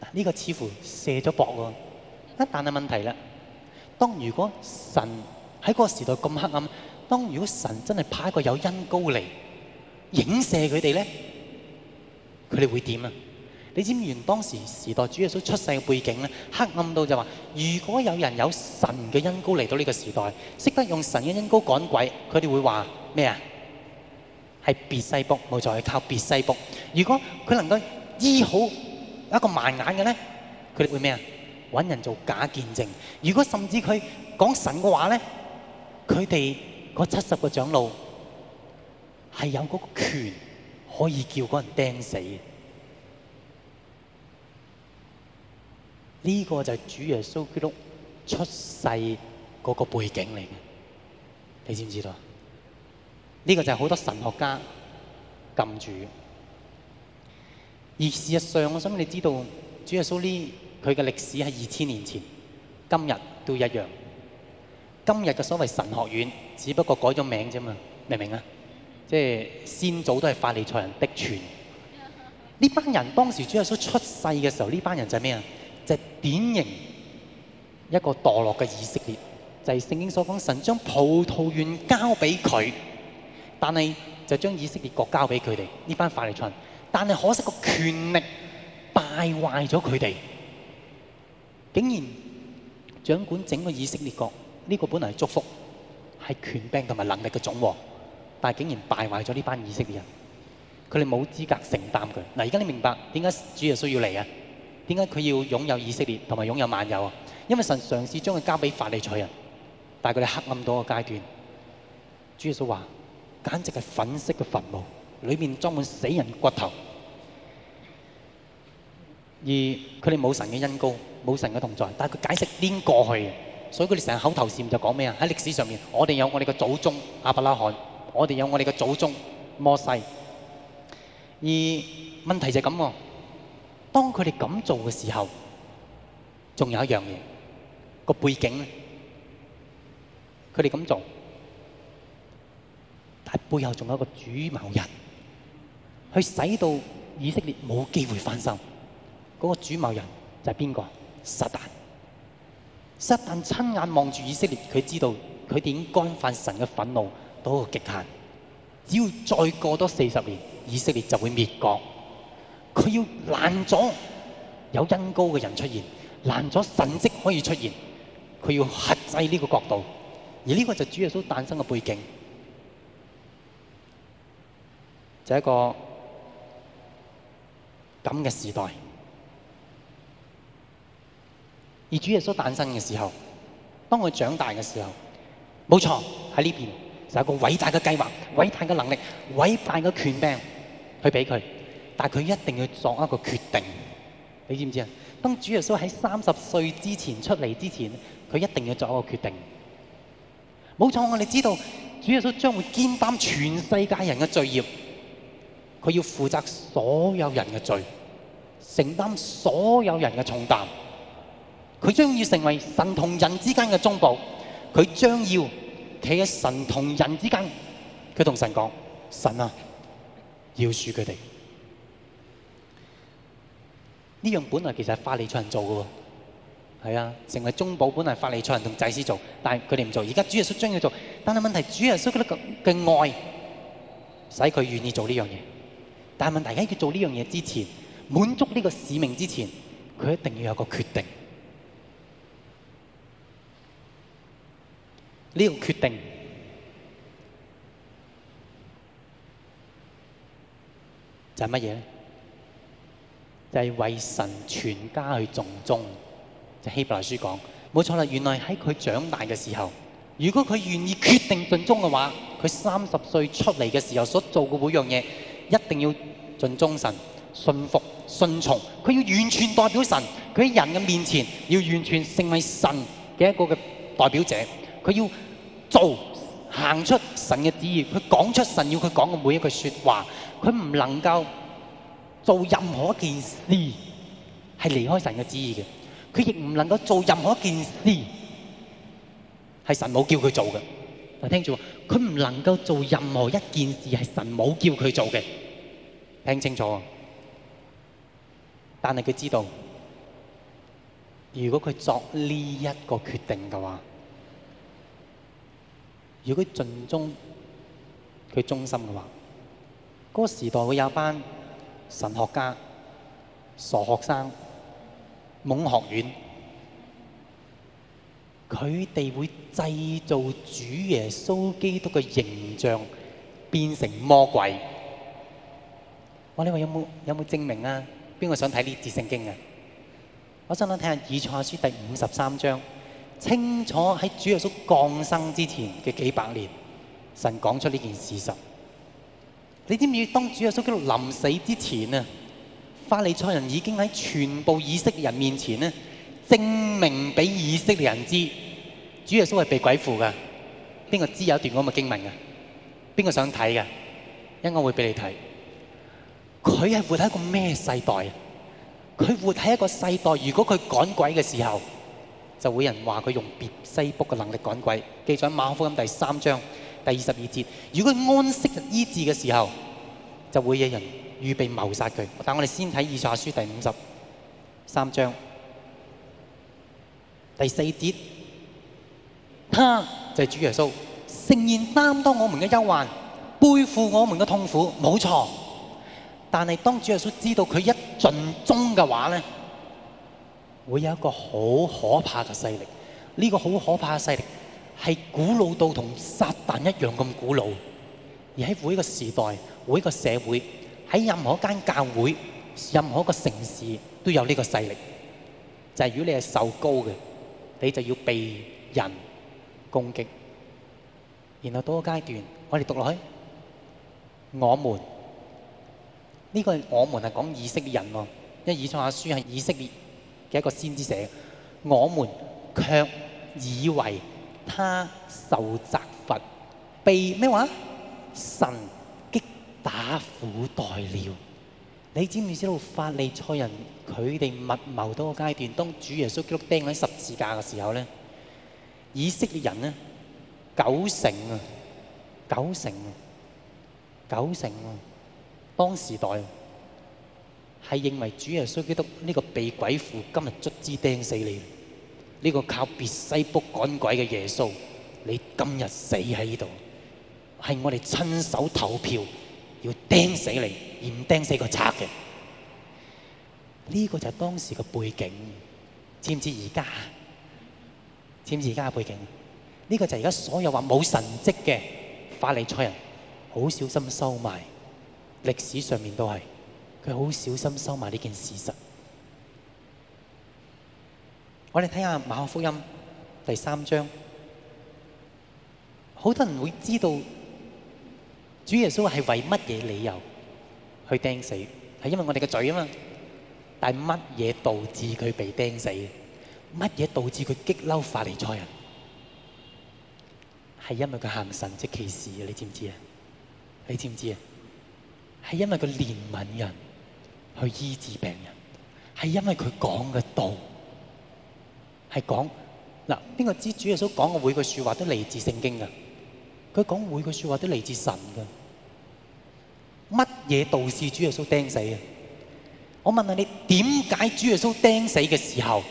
嗱，呢個似乎卸咗膊喎。一但係問題啦，當如果神喺嗰個時代咁黑暗，當如果神真係派一個有恩膏嚟影射佢哋呢，佢哋會點啊？你知唔知原當時時代主耶穌出世嘅背景咧？黑暗到就話，如果有人有神嘅恩膏嚟到呢個時代，識得用神嘅恩膏趕鬼，佢哋會話咩啊？係別西卜，冇錯，係靠別西卜。如果佢能夠醫好一個盲眼嘅咧，佢哋會咩啊？揾人做假見證。如果甚至佢講神嘅話咧，佢哋嗰七十個長老係有嗰個權可以叫嗰人釘死嘅。呢、這個就係主耶穌基督出世嗰個背景嚟嘅，你知唔知道？呢、這個就係好多神學家禁住。而事實上，我想你知道，主耶穌呢佢嘅歷史喺二千年前，今日都一樣。今日嘅所謂神學院，只不過改咗名啫嘛，明唔明啊？即、就、係、是、先祖都係法利賽人的傳。呢班人當時主耶穌出世嘅時候，呢班人就係咩啊？就係、是、典型一個墮落嘅以色列，就係、是、聖經所講，神將葡萄園交俾佢，但係就將以色列國交俾佢哋呢班法利賽人，但係可惜個權力敗壞咗佢哋，竟然掌管整個以色列國。呢、這個本嚟係祝福，係權柄同埋能力嘅總和，但係竟然敗壞咗呢班以色列人，佢哋冇資格承擔佢。嗱，而家你明白點解主耶穌要嚟啊？點解佢要擁有以色列同埋擁有萬有啊？因為神嘗試將佢交俾法利賽人，但係佢哋黑暗到個階段。主耶穌話：「簡直係粉色嘅墳墓，裏面裝滿死人骨頭。」而佢哋冇神嘅恩膏，冇神嘅同在，但係佢解釋邊過去嘅，所以佢哋成日口頭禪就講咩啊？喺歷史上面，我哋有我哋嘅祖宗亞伯拉罕，我哋有我哋嘅祖宗摩西。而問題就係咁喎。當佢哋咁做嘅時候，仲有一樣嘢，個背景咧，佢哋咁做，但背後仲有一個主謀人，去使到以色列冇機會翻身。嗰、那個主謀人就係邊個？撒旦。撒旦親眼望住以色列，佢知道佢哋已經干犯神嘅憤怒到極限，只要再過多四十年，以色列就會滅國。佢要攔阻有恩膏嘅人出現，攔阻神蹟可以出現，佢要限制呢個角度，而呢個就是主耶穌誕生嘅背景，就是、一個咁嘅時代。而主耶穌誕生嘅時候，當佢長大嘅時候，冇錯喺呢邊就有一個偉大嘅計劃、偉大嘅能力、偉大嘅權柄去給佢。但係佢一定要作一個決定，你知唔知啊？當主耶穌喺三十歲之前出嚟之前，佢一定要作一個決定。冇錯，我哋知道主耶穌將會肩擔全世界人嘅罪孽，佢要負責所有人嘅罪，承擔所有人嘅重擔。佢將要成為神同人之間嘅中保，佢將要企喺神同人之間。佢同神講：神啊，要恕佢哋。呢樣本來其實係法利賽人做嘅喎，係啊，成為中保本來法利賽人同祭司做，但係佢哋唔做。而家主耶穌將要做，但係問題是主耶穌嘅嘅愛使佢願意做呢樣嘢。但係問題喺佢做呢樣嘢之前，滿足呢個使命之前，佢一定要有個決定。呢、呢個決定就係乜嘢呢？就係、是、為神全家去盡忠，就是、希伯來書講冇錯啦。原來喺佢長大嘅時候，如果佢願意決定盡忠嘅話，佢三十歲出嚟嘅時候所做嘅每樣嘢，一定要盡忠神、信服、信從。佢要完全代表神，佢喺人嘅面前要完全成為神嘅一個嘅代表者。佢要做行出神嘅旨意，佢講出神要佢講嘅每一句説話，佢唔能夠。做任何一件事係離開神嘅旨意嘅，佢亦唔能夠做任何一件事係神冇叫佢做嘅。我聽住，佢唔能夠做任何一件事係神冇叫佢做嘅，聽清楚。但係佢知道，如果佢作呢一個決定嘅話，如果佢盡忠佢忠心嘅話，嗰個時代會有一班。神學家、傻學生、懵學院，佢哋會製造主耶穌基督嘅形象，變成魔鬼。我哋話有冇有，有，有證明啊？邊個想睇呢節聖經啊？我想諗睇下以賽亞書第五十三章，清楚喺主耶穌降生之前嘅幾百年，神講出呢件事實。你知唔知當主耶穌基督臨死之前啊，法利賽人已經喺全部以色列人面前咧，證明俾以色列人知，主耶穌係被鬼附噶。邊個知有一段咁嘅經文噶？邊個想睇噶？應該會俾你睇。佢係活喺一個咩世代？佢活喺一個世代，如果佢趕鬼嘅時候，就會有人話佢用別西卜嘅能力趕鬼。記載喺馬可福音第三章。第二十二節，如果安息人醫治嘅時候，就會有人預備謀殺佢。但我哋先睇《以賽亞書》第五十三章第四節，他就係主耶穌，誠然擔當我們嘅憂患，背負我們嘅痛苦，冇錯。但係當主耶穌知道佢一盡忠嘅話咧，會有一個好可怕嘅勢力。呢、呢個好可怕嘅勢力。係古老到同撒旦一樣咁古老，而喺每一個時代，每一個社會喺任何一間教會、任何一個城市都有呢個勢力。就係如果你係受高嘅，你就要被人攻擊。然後到個階段，我哋讀落去，我們呢、這個我們係講、啊、以色列人喎，因《以賽亞書》係以色列嘅一個先知寫。我們卻以為。他受責罰，被咩話神擊打苦待了？你知唔知道法利賽人佢哋密謀到個階段？當主耶穌基督釘喺十字架嘅時候咧，以色列人咧九成啊，九成啊，九成啊，當時代係認為主耶穌基督呢個被鬼附，今日卒之釘死你。呢、這個靠別西卜趕鬼嘅耶穌，你今日死喺度，係我哋親手投票要釘死你，而唔釘死個賊嘅。呢、這個就係當時嘅背景，知唔知而家？知唔知而家嘅背景？呢、這個就係而家所有話冇神蹟嘅法利賽人，好小心收埋。歷史上面都係佢好小心收埋呢件事實。我哋睇下馬可福音第三章，好多人會知道主耶穌係為乜嘢理由去釘死，係因為我哋嘅罪啊嘛。但乜嘢導致佢被釘死？乜嘢導致佢激嬲法利賽人？係因為佢行神蹟奇事，你知唔知啊？你知唔知啊？係因為佢憐憫人去醫治病人，係因為佢講嘅道。係講嗱，邊個知主耶穌講嘅每句說話都嚟自聖經噶？佢講每句說話都嚟自神噶。乜嘢道士主耶穌釘死啊？我問下你，點解主耶穌釘死嘅時候，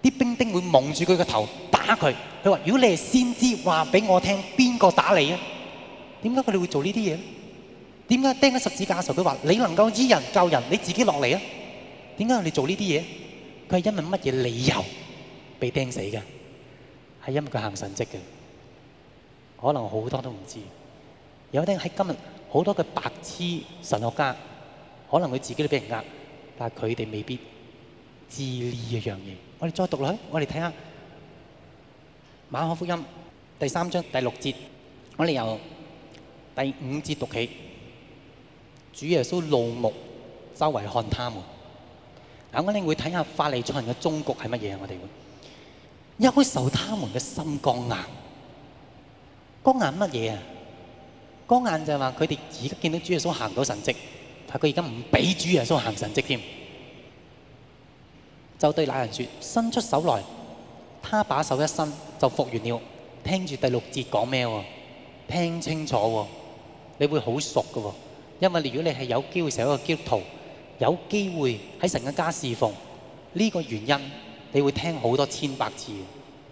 啲兵丁會蒙住佢個頭打佢？佢話：如果你係先知，話俾我聽邊個打你啊？點解佢哋會做呢啲嘢？點解釘咗十字架嘅時候，佢話你能夠醫人救人，你自己落嚟啊？點解你做呢啲嘢？佢係因為乜嘢理由被釘死嘅？係因為佢行神跡嘅，可能好多都唔知道。有啲人喺今日好多嘅白痴神學家，可能佢自己都俾人呃，但係佢哋未必知呢一樣嘢。我哋再讀落去，我哋睇下《馬可福音》第三章第六節，我哋由第五節讀起。主耶穌怒目周圍看他們。我哋會睇下法利賽人嘅終局係乜嘢啊？我哋會，一開首他們嘅心剛硬，剛硬乜嘢啊？剛硬就係話佢哋而家見到主耶穌行到神跡，但係佢而家唔俾主耶穌行神跡添。就對那人說：伸出手來。他把手一伸，就復原了。聽住第六節講咩？聽清楚，你會好熟嘅，因為如果你係有機會成為一個基督徒。有機會喺神嘅家侍奉，呢個原因，你會聽好多千百次，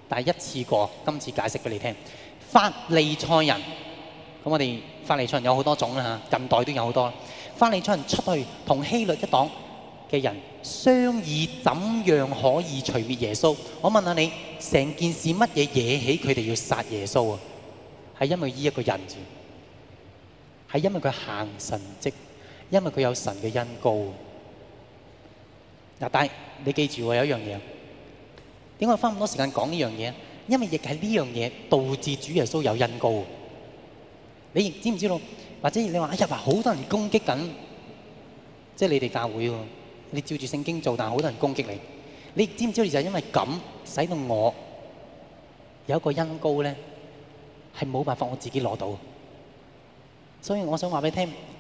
但係一次過今次解釋俾你聽。法利賽人，咁我哋法利賽人有好多種啦嚇，近代都有好多。法利賽人出去同希律一黨嘅人商議怎樣可以除滅耶穌。我問下你，成件事乜嘢惹起佢哋要殺耶穌啊？係因為呢一個人住，係因為佢行神跡，因為佢有神嘅恩膏。嗱，但係你記住有一樣嘢，點解我花咁多時間講呢樣嘢？因為亦係呢樣嘢導致主耶穌有恩膏。你知唔知道？或者你話哎呀，話好多人攻擊緊，即係你哋教會，你照住聖經做，但係好多人攻擊你。你知唔知道？就因為咁，使到我有一個恩膏咧，係冇辦法我自己攞到。所以我想話俾你聽。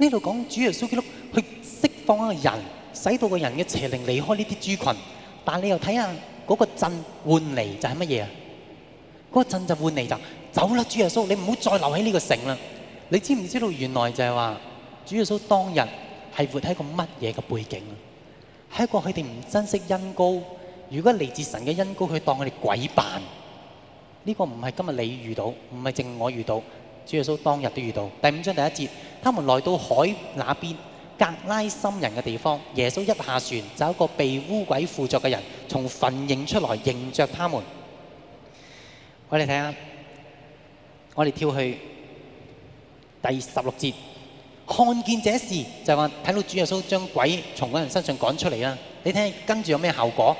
呢度講主耶穌基督去釋放一個人，使到個人嘅邪靈離開呢啲豬群。但你又睇下嗰個陣換嚟就係乜嘢啊？嗰陣就換嚟就走啦！主耶穌，你唔好再留喺呢個城啦！你知唔知道原來就係話主耶穌當日係活喺一個乜嘢嘅背景啊？係一個佢哋唔珍惜恩膏。如果嚟自神嘅恩膏，佢當佢哋鬼扮。呢、這個唔係今日你遇到，唔係淨我遇到。主耶穌當日都遇到，第五章第一節，他們來到海那邊格拉森人嘅地方，耶穌一下船，就有一個被污鬼附着嘅人從墳塋出來，迎着他們。我哋睇下，我哋跳去第十六節，看見這事就話睇到主耶穌將鬼從嗰人身上趕出嚟啦。你睇跟住有咩效果？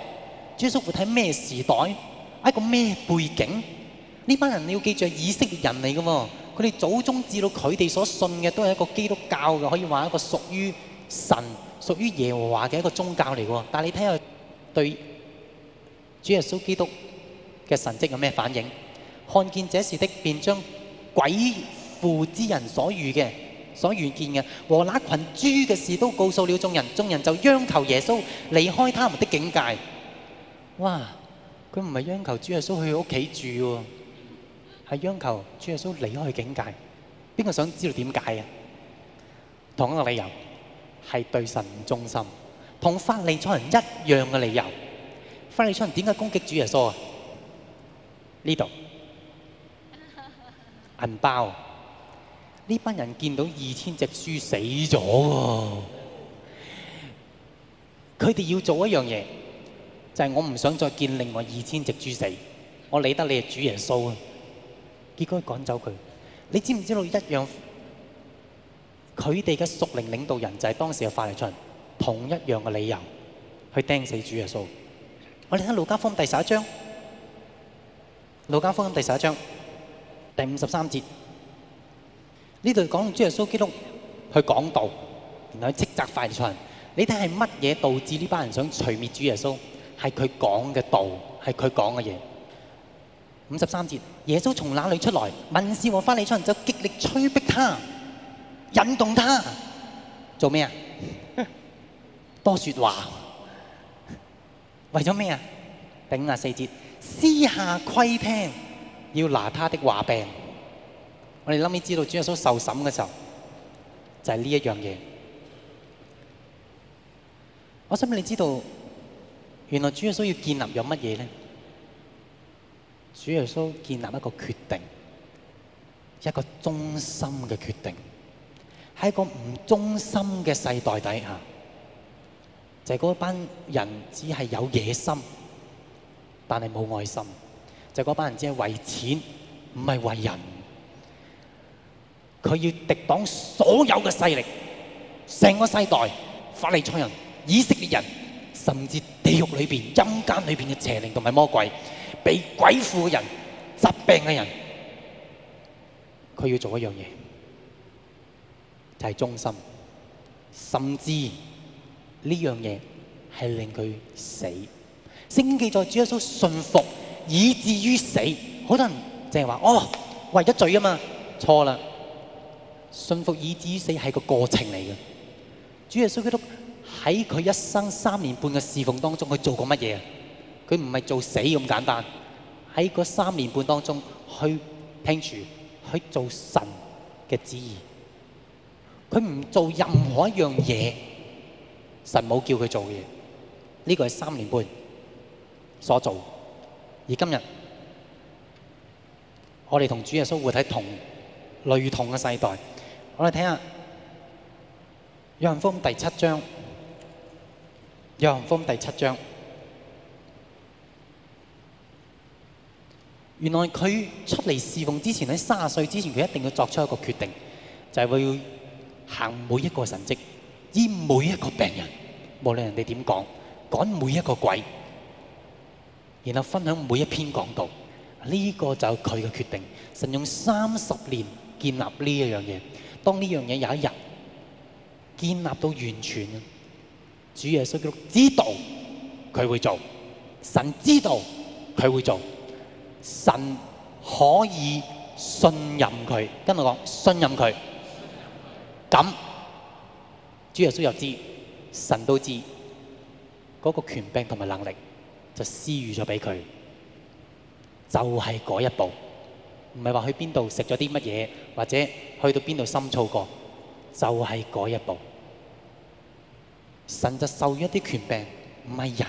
主耶穌活喺咩時代？喺個咩背景？呢班人你要記住係以色列人嚟嘅喎。佢哋祖宗知道佢哋所信嘅都係一個基督教嘅，可以話一個屬於神、屬於耶和華嘅一個宗教嚟嘅喎。但係你睇下對主耶穌基督嘅神跡有咩反應？看見這事的，便將鬼附之人所遇嘅、所遇見嘅和那群豬嘅事都告訴了眾人。眾人就央求耶穌離開他們的境界。哇！佢唔係央求主耶穌去屋企住喎。係央求主耶穌離開的境界。邊個想知道點解啊？同一個理由，係對神唔忠心，同法利賽人一樣嘅理由。法利賽人點解攻擊主耶穌啊？呢度銀包。呢班人見到二千隻豬死咗，佢 [LAUGHS] 哋要做一樣嘢，就係我唔想再見另外二千隻豬死，我理得你是主耶穌啊應該趕走佢。你知唔知道一樣？佢哋嘅屬靈領導人就係、是、當時嘅法利賽人，同一樣嘅理由去釘死主耶穌。我哋睇路加福音第十一章，路加福音第十一章第五十三節，呢度講到主耶穌基督去講道，然後去斥責法利賽人。你睇係乜嘢導致呢班人想除滅主耶穌？係佢講嘅道，係佢講嘅嘢。五十三節，耶穌從哪裏出來？文士和法利賽人就極力催逼他，引動他做咩啊？多說話，為咗咩頂啊？頂啊！四節私下窺聽，要拿他的話柄。我哋諗起知道主耶穌受審嘅時候，就係呢一樣嘢。我希望你知道，原來主耶穌要建立有乜嘢咧？主耶穌建立一個決定，一個忠心嘅決定，喺個唔忠心嘅世代底下，就係嗰班人只係有野心，但係冇愛心，就係嗰班人只係為錢，唔係為人。佢要敵擋所有嘅勢力，成個世代法利賽人、以色列人，甚至地獄裏邊、陰間裏邊嘅邪靈同埋魔鬼。俾鬼附嘅人、疾病嘅人，佢要做一樣嘢，就係忠心，甚至呢樣嘢係令佢死。聖經記載，主耶穌信服以至於死。好多人淨係話哦，為咗罪啊嘛，錯啦！信服以至於死係個過程嚟嘅。主耶穌基督喺佢一生三年半嘅侍奉當中，佢做過乜嘢啊？佢唔係做死咁簡單，喺嗰三年半當中去聽住去做神嘅旨意。佢唔做任何一樣嘢，神冇叫佢做嘅嘢。呢個係三年半所做，而今日我哋同主耶穌活喺同類同嘅世代。我哋睇下約翰福音第七章，約翰福音第七章。原來佢出嚟侍奉之前，喺三十歲之前，佢一定要作出一個決定，就是要行每一個神蹟，醫每一個病人，無論人哋點講，趕每一個鬼，然後分享每一篇講道。呢、這個就係佢嘅決定。神用三十年建立呢一樣嘢，當呢樣嘢有一日建立到完全，主耶穌知道佢會做，神知道佢會做。神可以信任佢，跟我講信任佢，咁主耶穌又知神都知，嗰個權柄同埋能力就施予咗俾佢，就係嗰一步，唔係話去邊度食咗啲乜嘢，或者去到邊度深造過，就係嗰一步。神就授予一啲權柄，唔係人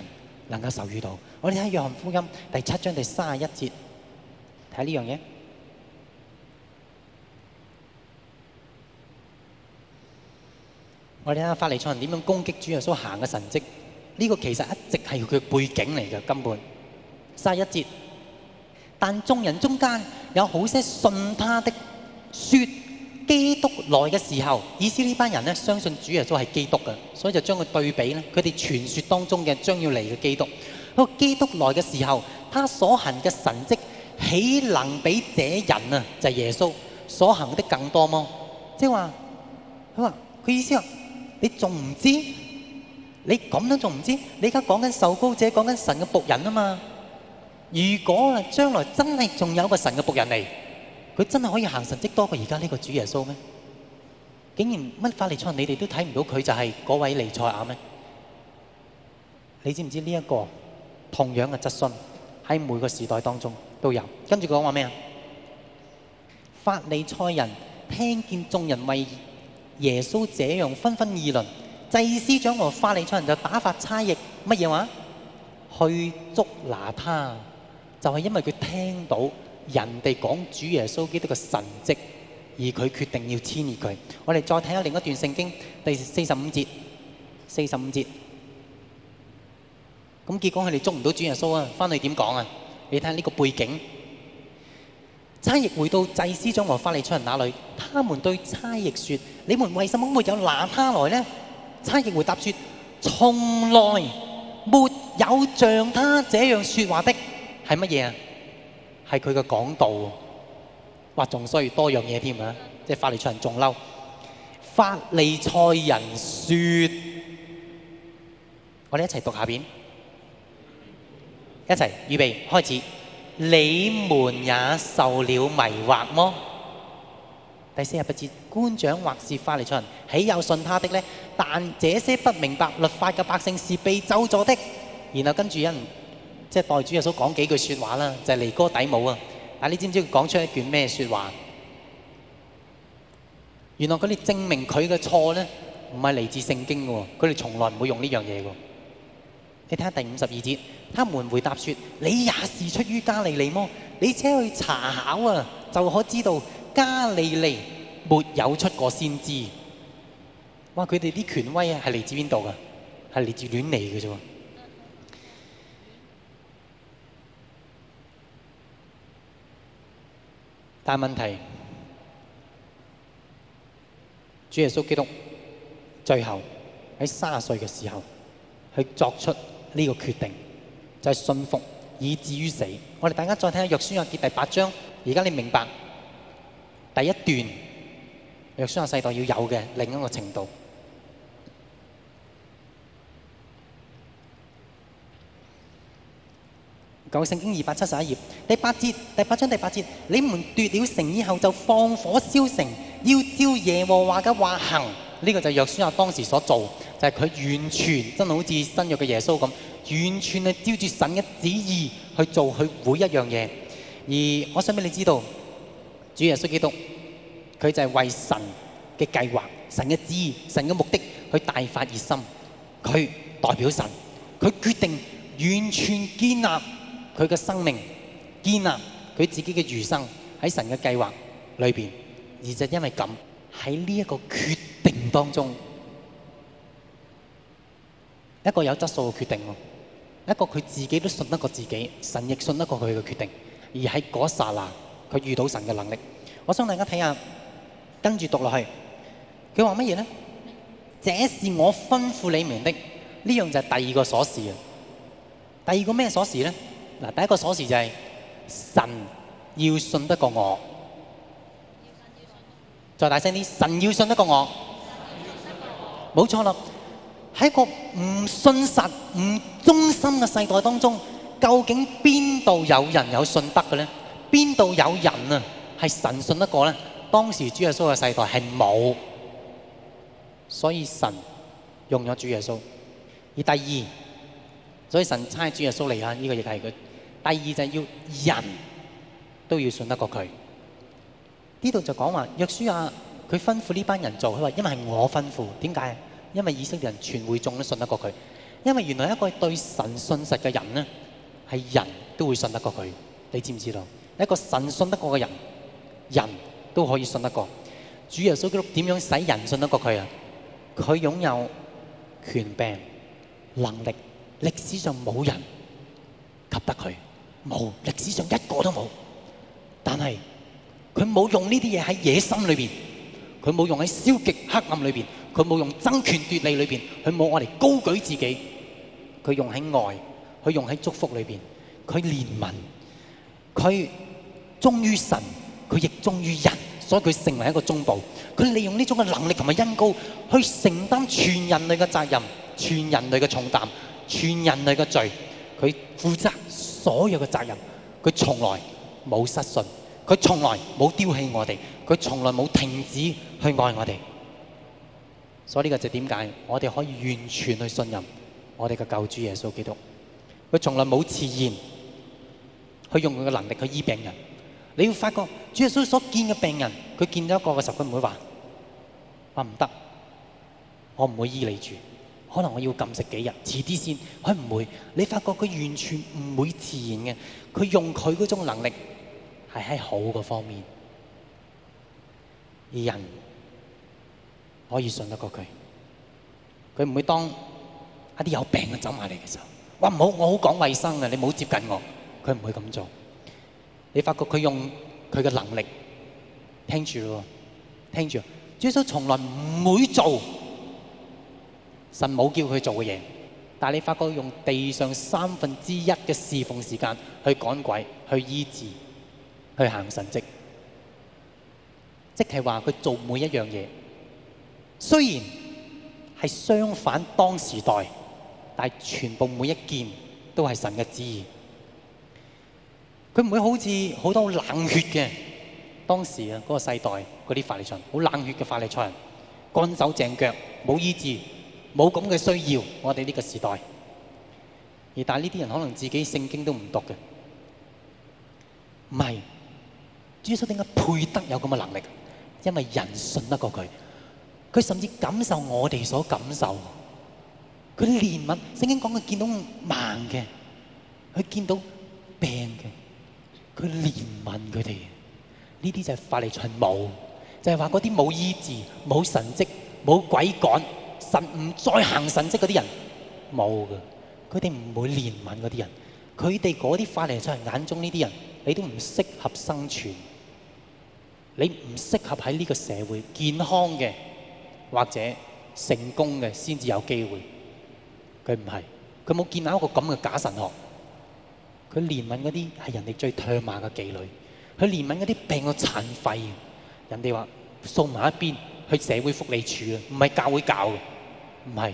能夠授予到。我哋睇《約翰福音》第七章第三十一節，睇呢樣嘢。我哋睇下法利賽人點樣攻擊主耶穌行嘅神蹟，呢、這個其實一直係佢背景嚟嘅，根本。三十一節，但眾人中間有好些信他的說，說基督來嘅時候，意思呢班人咧相信主耶穌係基督嘅，所以就將佢對比咧，佢哋傳說當中嘅將要嚟嘅基督。嗰基督來嘅時候，他所行嘅神蹟，豈能比這人啊，就係、是、耶穌所行的更多麼？即係話，佢話佢意思話，你仲唔知？你咁都仲唔知？你而家講緊受膏者，講緊神嘅僕人啊嘛！如果啊，將來真係仲有一個神嘅僕人嚟，佢真係可以行神蹟多過而家呢個主耶穌咩？竟然乜法利賽，你哋都睇唔到佢就係嗰位彌賽亞咩？你知唔知呢一、這個？同樣嘅質詢喺每個時代當中都有，跟住講話咩啊？法利賽人聽見眾人為耶穌這樣紛紛議論，祭司長和法利賽人就打發差役乜嘢話去捉拿他，就係、是、因為佢聽到人哋講主耶穌基督嘅神蹟而佢決定要遷移佢。我哋再睇下另一段聖經第四十五節，四十五節。咁結果佢哋捉唔到主耶穌啊！返去點講啊？你睇下呢個背景。差役回到祭司長和法利賽人那裏，他們對差役說：你們為什麼沒有拿他來呢？差役回答說：從來沒有像他這樣説話的，係乜嘢啊？係佢嘅講道。哇！仲需要多樣嘢添啊！即係法利賽人仲嬲。法利賽人，人說：我哋一齊讀下邊。一齊預備開始，你們也受了迷惑嗎？第四十八節，官長或是法利賽人，豈有信他的呢？但這些不明白律法嘅百姓是被咒詛的。然後跟住有人即係、就是、代主耶穌講幾句說話啦，就是、尼哥底母啊，啊你知唔知佢講出一句咩說話？原來佢哋證明佢嘅錯呢，唔係嚟自聖經嘅，佢哋從來唔會用呢樣嘢嘅。你睇下第五十二節。他們回答說：你也是出於加利利麼？你且去查考啊，就可知道加利利沒有出過先知。哇！佢哋啲權威係嚟自邊度㗎？係嚟自亂嚟嘅啫。但問題，主耶穌基督最後喺三十歲嘅時候，去作出呢個決定。就係、是、信服，以至於死。我哋大家再睇下《約書亞記》第八章，而家你明白第一段《約書亞世代》要有嘅另一個程度。講聖經二百七十一頁第八節，第八章第八節，你們奪了城以後就放火燒城，要照耶和華嘅話行。呢、這個就係約書亞當時所做。就係、是、佢完全真係好似新約嘅耶穌咁，完全係照住神嘅旨意去做佢每一樣嘢。而我想俾你知道，主耶穌基督佢就係為神嘅計劃、神嘅旨意、神嘅目的去大發熱心。佢代表神，佢決定完全建立佢嘅生命，建立佢自己嘅餘生喺神嘅計劃裏邊。而就因為咁，喺呢一個決定當中。一個有質素嘅決定，一個佢自己都信得過自己，神亦信得過佢嘅決定，而喺嗰一剎那，佢遇到神嘅能力。我想大家睇下，跟住讀落去，佢話乜嘢呢？嗯「這是我吩咐你們的。」呢樣就係第二個鎖匙啊。第二個咩鎖匙呢？第一個鎖匙就係神要信得過我。再大聲啲，神要信得過我，冇錯咯。喺個唔信實唔忠心嘅世代當中，究竟邊度有人有信德嘅呢？邊度有人啊，係神信得過呢？當時主耶穌嘅世代係沒冇，所以神用咗主耶穌。而第二，所以神差了主耶穌嚟啊！呢、這個亦係佢第二就是要人都要信得過佢。呢度就講話，約書亞、啊、佢吩咐呢班人做，佢話因為係我吩咐，點解？因為以色列人全會眾都信得過佢，因為原來一個對神信實嘅人呢，係人都會信得過佢。你知唔知道？一個神信得過嘅人，人都可以信得過。主耶穌基督點樣使人信得過佢啊？佢擁有權柄、能力、能力，歷史上冇人及得佢，冇，歷史上一個都冇。但係佢冇用呢啲嘢喺野心裏邊，佢冇用喺消極黑暗裏邊。佢冇用爭權奪利裏邊，佢冇我哋高舉自己，佢用喺愛，佢用喺祝福裏邊，佢憐憫，佢忠於神，佢亦忠於人，所以佢成為一個忠僕。佢利用呢種嘅能力同埋恩膏，去承擔全人類嘅責任、全人類嘅重擔、全人類嘅罪，佢負責所有嘅責任，佢從來冇失信，佢從來冇丟棄我哋，佢從來冇停止去愛我哋。所以呢個就點解，我哋可以完全去信任我哋嘅救主耶穌基督。佢從來冇自然，佢用佢嘅能力去醫病人。你要發覺，主耶穌所見嘅病人，佢見咗一個嘅時候，佢唔會，話話唔得，我唔會醫你住，可能我要禁食幾日遲啲先。佢唔會。你發覺佢完全唔會自然嘅，佢用佢嗰種能力係喺好嘅方面。人。可以信得過佢，佢唔會當一啲有病嘅走埋嚟嘅時候，我唔好，我好講衞生嘅，你唔好接近我。佢唔會咁做。你發覺佢用佢嘅能力聽住咯，聽住。耶穌從來唔會做神冇叫佢做嘅嘢，但係你發覺用地上三分之一嘅侍奉時間去趕鬼、去醫治、去行神跡，即係話佢做每一樣嘢。雖然係相反當時代，但係全部每一件都係神嘅旨意。佢唔會好似好多冷血嘅，當時啊嗰個世代嗰啲法利賽，好冷血嘅法利賽人，乾手淨腳，冇醫治，冇咁嘅需要。我哋呢個時代，而但係呢啲人可能自己聖經都唔讀嘅。唔係，耶穌點解配得有咁嘅能力？因為人信得過佢。佢甚至感受我哋所感受，佢憐憫。聖經講佢見到盲嘅，佢見到病嘅，佢憐憫佢哋。呢啲就係法利賽人無，就係話嗰啲冇醫治、冇神跡、冇鬼趕、神唔再行神跡嗰啲人，冇嘅。佢哋唔會憐憫嗰啲人，佢哋嗰啲法利賽人眼中呢啲人，你都唔適合生存，你唔適合喺呢個社會健康嘅。或者成功嘅先至有機會，佢唔係，佢冇見到一個咁嘅假神學，佢憐憫嗰啲係人哋最唾罵嘅妓女，佢憐憫嗰啲病到殘廢，人哋話掃埋一邊去社會福利處，唔係教會教嘅，唔係，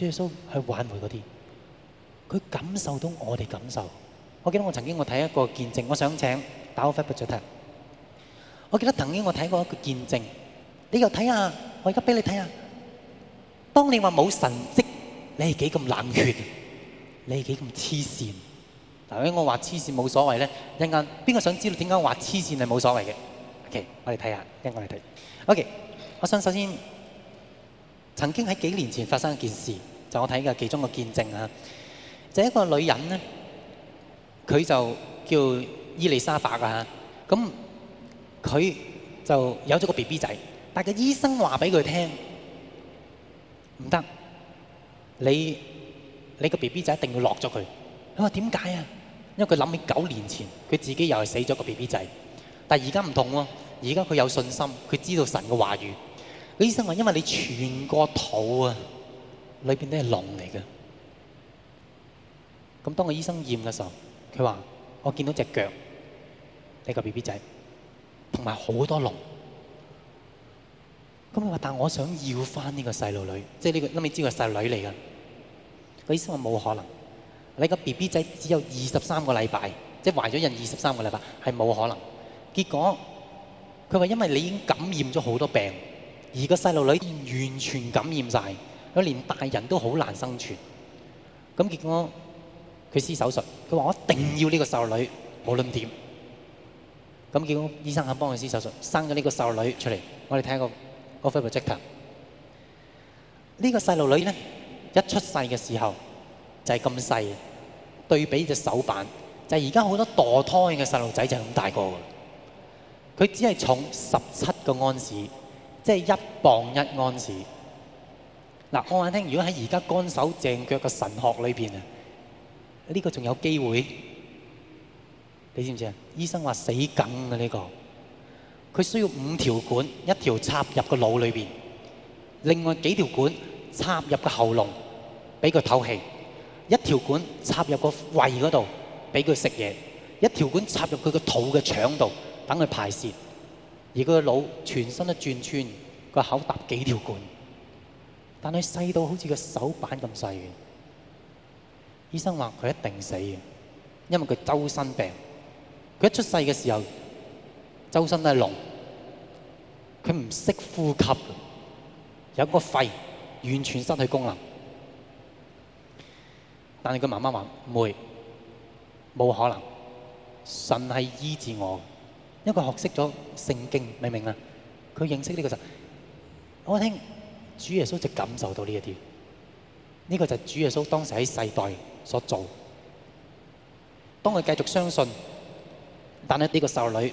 耶穌去挽回嗰啲，佢感受到我哋感受。我記得我曾經我睇一個見證，我想請打開 f l i p 我記得曾經我睇過一個見證。你又睇下，我而家俾你睇下。當你話冇神跡，你係幾咁冷血？你係幾咁黐線？嗱，因我話黐線冇所謂咧。一陣間邊個想知道點解我話黐線係冇所謂嘅？OK，我哋睇下，一陣間我嚟睇。OK，我想首先曾經喺幾年前發生一件事，就我睇嘅其中個見證啊。就一個女人咧，佢就叫伊麗莎白啊。咁佢就有咗個 BB 仔。但個醫生話俾佢聽，唔得，你，你個 B B 仔一定要落咗佢。佢話點解啊？因為佢諗起九年前佢自己又係死咗個 B B 仔。但而家唔同喎，而家佢有信心，佢知道神嘅話語。個醫生話：因為你全個肚啊，裏邊都係龍嚟嘅。咁當個醫生驗嘅時候，佢話：我見到隻腳，你個 B B 仔，同埋好多龍。咁佢話，但我想要翻呢個細路女，即係、這、呢個，咁你知道個細路女嚟㗎。個醫生話冇可能，你個 B B 仔只有二十三個禮拜，即係懷咗孕二十三個禮拜，係冇可能。結果，佢話因為你已經感染咗好多病，而個細路女已經完全感染晒，佢連大人都好難生存。咁結果，佢施手術，佢話我一定要呢個細路女，無論點。咁結果醫生肯幫佢施手術，生咗呢個細路女出嚟，我哋睇下個。Offspring Projector 呢個細路女呢，一出世嘅時候就係咁細，對比隻手板，就係而家好多墮胎嘅細路仔就係咁大個嘅。佢只係重十七個安士，即係一磅一安士。嗱，我話你聽，如果喺而家乾手淨腳嘅神學裏邊啊，呢個仲有機會？你知唔知啊？醫生話死梗嘅呢個。佢需要五條管，一條插入個腦裏邊，另外幾條管插入個喉嚨，俾佢透氣；一條管插入個胃嗰度，俾佢食嘢；一條管插入佢個肚嘅腸度，等佢排泄。而佢個腦全身都轉穿，個口搭幾條管，但係細到好似個手板咁細嘅。醫生話佢一定死嘅，因為佢周身病。佢一出世嘅時候。周身都係膿，佢唔識呼吸，有個肺完全失去功能。但係佢媽媽話唔會，冇可能，神係醫治我，因為佢學識咗聖經，你明唔明啊？佢認識呢個就。我聽主耶穌就感受到呢一啲，呢、這個就是主耶穌當時喺世代所做。當佢繼續相信，但係呢個少女。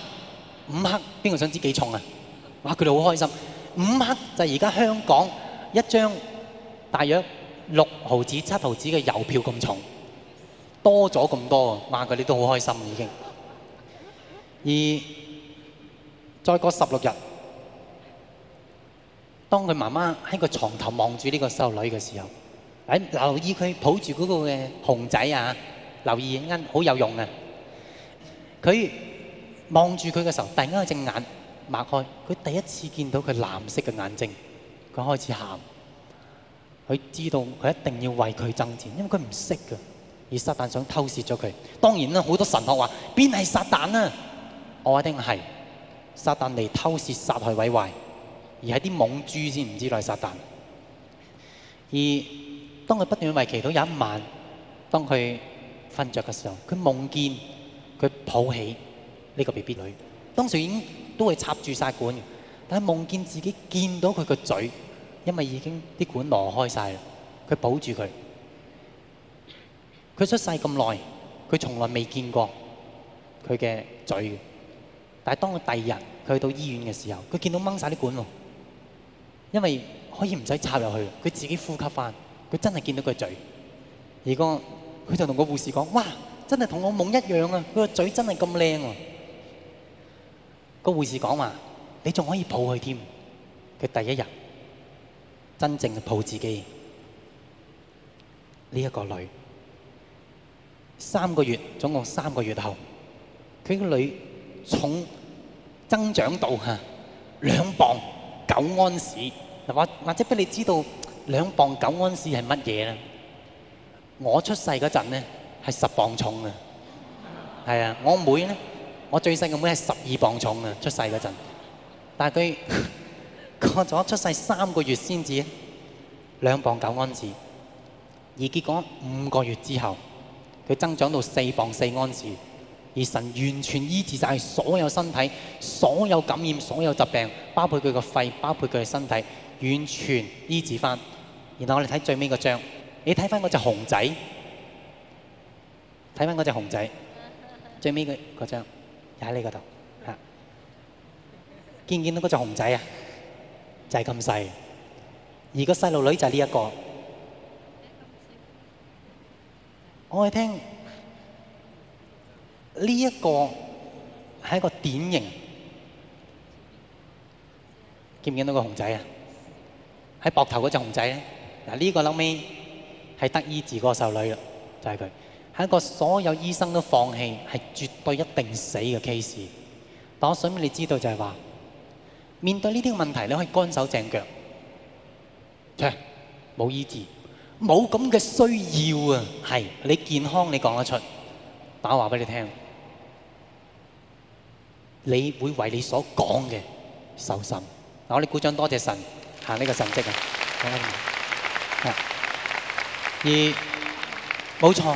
五克，邊個想知幾重啊？哇！佢哋好開心。五克就係而家香港一張大約六毫子、七毫子嘅郵票咁重，多咗咁多，啱佢哋都好開心已經。而再過十六日，當佢媽媽喺個牀頭望住呢個細路女嘅時候，誒留意佢抱住嗰個嘅熊仔啊！留意啱好有用啊！佢。望住佢嘅時候，突然間佢隻眼擘開，佢第一次見到佢藍色嘅眼睛，佢開始喊。佢知道佢一定要為佢爭戰，因為佢唔識㗎。而撒但想偷竊咗佢，當然啦，好多神學話邊係撒但啊？我一定係撒但嚟偷竊、殺害、毀壞，而係啲懵豬先唔知係撒但。而當佢不斷為佢禱告到有一晚，當佢瞓著嘅時候，佢夢見佢抱起。呢、這個 BB 女當時已經都係插住晒管嘅，但係夢見自己見到佢個嘴，因為已經啲管挪開晒啦。佢保住佢，佢出世咁耐，佢從來未見過佢嘅嘴。但係當佢第二日佢去到醫院嘅時候，佢見到掹晒啲管喎，因為可以唔使插入去，佢自己呼吸翻，佢真係見到佢嘴。而個佢就同個護士講：哇，真係同我夢一樣啊！佢個嘴真係咁靚喎！個護士講話：你仲可以抱佢添。佢第一日真正嘅抱自己呢一個女，三個月，總共三個月後，佢個女重增長到嚇兩磅九安士。或或者俾你知道兩磅九安士係乜嘢咧？我出世嗰陣咧係十磅重嘅，係啊，我妹咧。我最細個妹係十二磅重啊，出世嗰陣，但係佢過咗出世三個月先至兩磅九安士，而結果五個月之後，佢增長到四磅四安士，而神完全醫治晒所有身體、所有感染、所有疾病，包括佢個肺，包括佢個身體，完全醫治返。然後我哋睇最尾個張，你睇返嗰隻熊仔，睇返嗰隻熊仔，最尾個個張。 [LAUGHS] 喺呢個度，嚇！見唔見到嗰隻熊仔啊？就係咁細，而個細路女就係呢一個。我哋聽呢一個係一個典型，見唔見到個熊仔啊？喺膊頭嗰隻熊仔咧，嗱呢個後面係德意志嗰個秀女咯，就係佢。一個所有醫生都放棄，係絕對一定死嘅 case。但我想俾你知道就，就係話面對呢啲問題，你可以乾手淨腳，聽冇醫治，冇咁嘅需要啊。係你健康，你講得出。打話俾你聽，你會為你所講嘅受審。嗱，我哋鼓掌，多謝神行呢個神蹟啊！ [MUSIC] [MUSIC] [MUSIC] 而冇錯。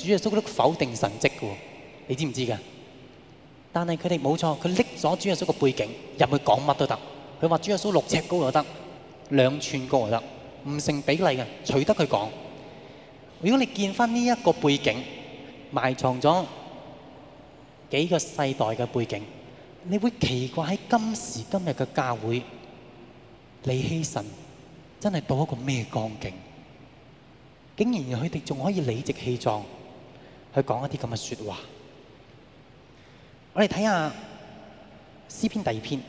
主耶穌都否定神蹟嘅，你知唔知㗎？但係佢哋冇錯，佢拎咗主耶穌嘅背景入去講乜都得。佢話主耶穌六尺高就得，兩寸高就得，唔成比例嘅，隨得佢講。如果你見翻呢一個背景埋藏咗幾個世代嘅背景，你會奇怪喺今時今日嘅教會離棄神，真係到一個咩光景？竟然佢哋仲可以理直氣壯。去講一啲咁嘅説話。我哋睇下詩篇第二篇，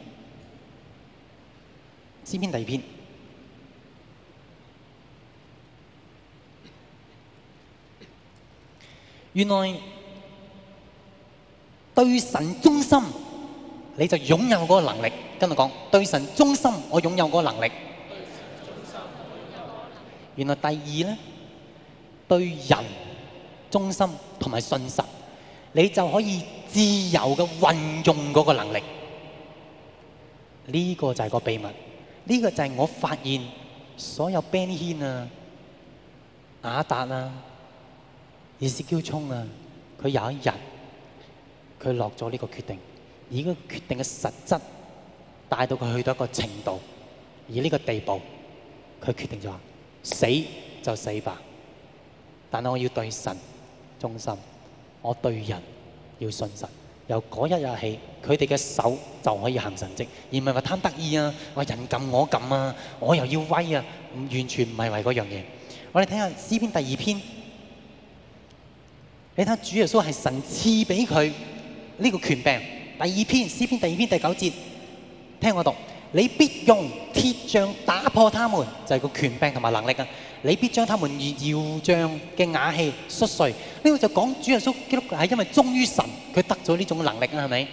詩篇第二篇。原來對神忠心，你就擁有嗰個能力。跟我講，對神忠心，我擁有嗰個能力。原來第二咧，對人。忠心同埋信實，你就可以自由嘅運用嗰個能力。呢個就係個秘密，呢個就係我發現所有 b e n h a n 啊、亞達啊、伊斯喬聰啊，佢有一日佢落咗呢個決定，而個決定嘅實質帶到佢去到一個程度，而呢個地步，佢決定咗話死就死吧，但係我要對神忠心，我對人要信實。由嗰一日起，佢哋嘅手就可以行神蹟，而唔係話貪得意啊，話人咁我咁啊，我又要威啊，完全唔係為嗰樣嘢。我哋睇下詩篇第二篇，你睇下主耶穌係神賜俾佢呢個權柄。第二篇詩篇第二篇第九節，聽我讀：你必用鐵杖打破他們，就係個權柄同埋能力啊！你必將他們窯匠嘅瓦器摔碎。呢個就講主耶穌基督係因為忠於神，佢得咗呢種能力啦，係咪？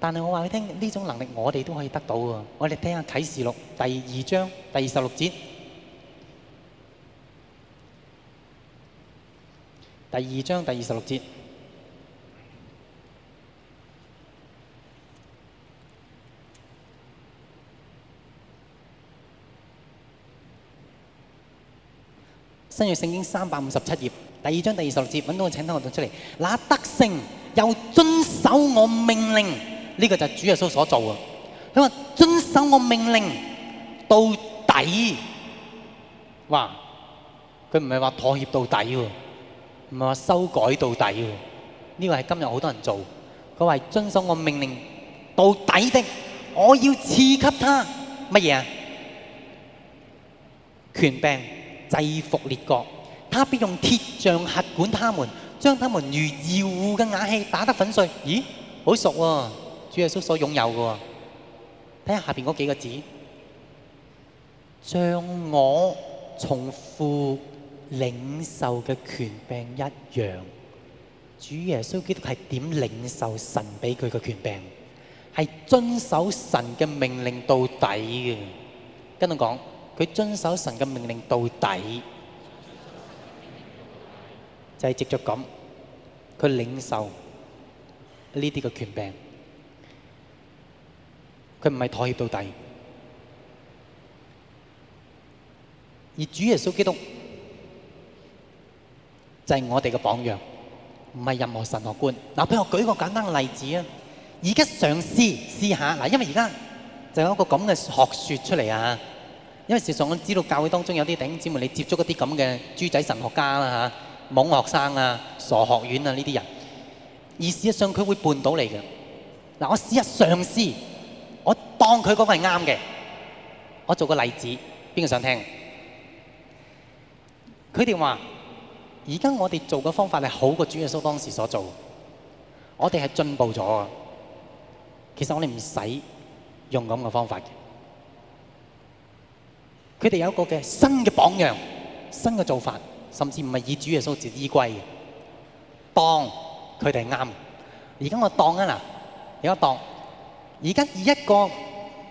但係我話你聽，呢種能力我哋都可以得到㗎。我哋睇下啟示錄第二章第二十六節。第二章第二十六節。新約聖經三百五十七頁第二章第二十六節，揾到個請單我讀出嚟。那得勝又遵守我命令，呢個就係主耶穌所做啊！佢話遵守我命令到底，哇！佢唔係話妥協到底喎，唔係話修改到底喎。呢個係今日好多人做。佢話遵守我命令到底的，我要賜給他乜嘢啊？權柄。制服列國，他必用鐵杖轄管他們，將他們如窯戶嘅瓦器打得粉碎。咦，好熟喎！主耶穌所擁有嘅，睇下下邊嗰幾個字，像我從父領受嘅權柄一樣。主耶穌基督係點領受神俾佢嘅權柄？係遵守神嘅命令到底嘅。跟住講。佢遵守神的命令到底，就係、是、執着咁。佢領受呢啲嘅權柄，佢唔係妥協到底。而主耶穌基督就係我哋嘅榜樣，唔係任何神學觀。嗱，俾我舉一個簡單嘅例子啊！而家嘗試，試一下，因為而家就有一個咁嘅學說出嚟啊。因為事實上我知道教會當中有啲弟兄姊妹，你接觸一啲咁嘅豬仔神學家啦、啊、嚇、懵學生啊、傻學院啊呢啲人，而事實上佢會絆倒你嘅。嗱，我試下嘗試，我當佢講係啱嘅，我做個例子，邊個想聽？佢哋話：而家我哋做嘅方法係好過主耶穌當時所做，我哋係進步咗。其實我哋唔使用咁嘅方法。佢哋有一個嘅新嘅榜樣，新嘅做法，甚至唔係以主耶穌為依歸嘅，當佢哋係啱嘅。而家我當啊嗱，而家當，而家以一個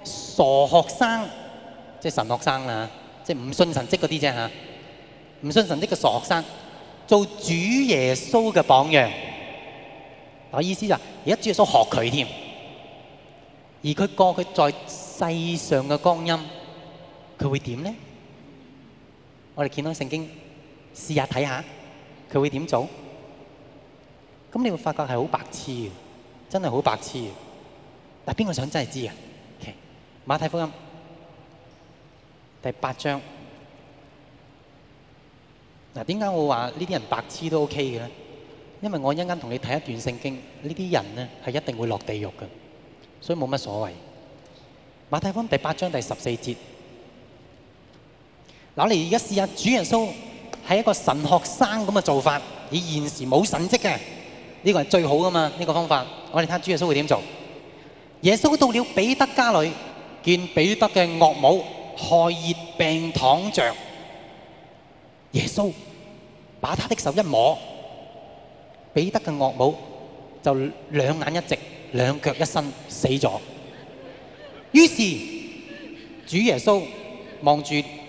傻學生，即係神學生啦，即係唔信神蹟嗰啲啫嚇，唔信神蹟嘅傻學生做主耶穌嘅榜樣。我意思就係主耶穌學他，而家主耶穌學佢添，而佢過佢在世上嘅光陰。佢會點咧？我哋見到聖經試下睇下，佢會點做？咁你會發覺係好白痴嘅，真係好白痴嘅。但，邊個想真係知啊？馬太福音第八章嗱，點解我話呢啲人白痴都 OK 嘅咧？因為我一陣同你睇一段聖經，呢啲人咧係一定會落地獄嘅，所以冇乜所謂。馬太福音第八章第十四節。嗱，你而家試下，主耶穌係一個神學生咁嘅做法，以現時冇神跡嘅呢個係最好㗎嘛？呢個方法，我哋睇下主耶穌會點做。耶穌到了彼得家裏，見彼得嘅岳母害熱病躺着，耶穌把他的手一摸，彼得嘅岳母就兩眼一直、兩腳一伸，死咗。於是主耶穌望住。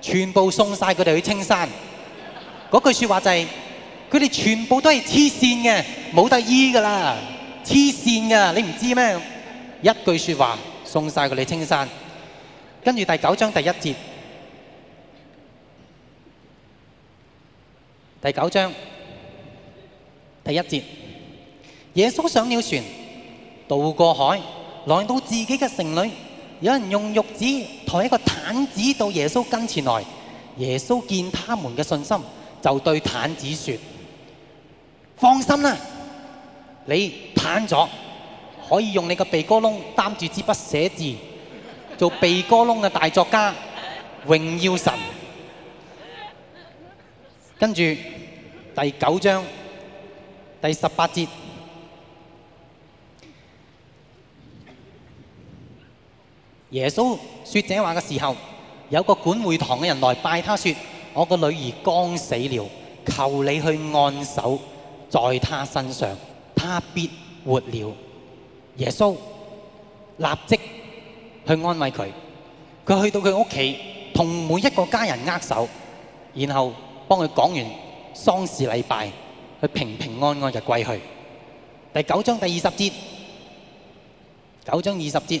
全部送晒佢哋去青山。嗰句説話就係、是：佢哋全部都係黐線嘅，冇得醫㗎喇，黐線㗎，你唔知咩？一句説話送晒佢哋去青山。跟住第九章第一節，第九章第一節，耶穌上了船，渡過海，來到自己嘅城裏，有人用褥子，」抬一個癱子到耶穌跟前來，耶穌見他們嘅信心，就對癱子說：放心啦，你癱咗，可以用你個鼻哥窿擔住支筆寫字，做鼻哥窿嘅大作家，榮耀神。跟住第九章第十八節，耶穌。說這話嘅時候，有個管會堂嘅人來拜他，說：我個女兒剛死了，求你去按手在他身上，他必活了。耶穌立即去安慰佢，佢去到佢屋企，同每一個家人握手，然後幫佢講完喪事禮拜，佢平平安安就歸去。第九章第二十節，九章二十節。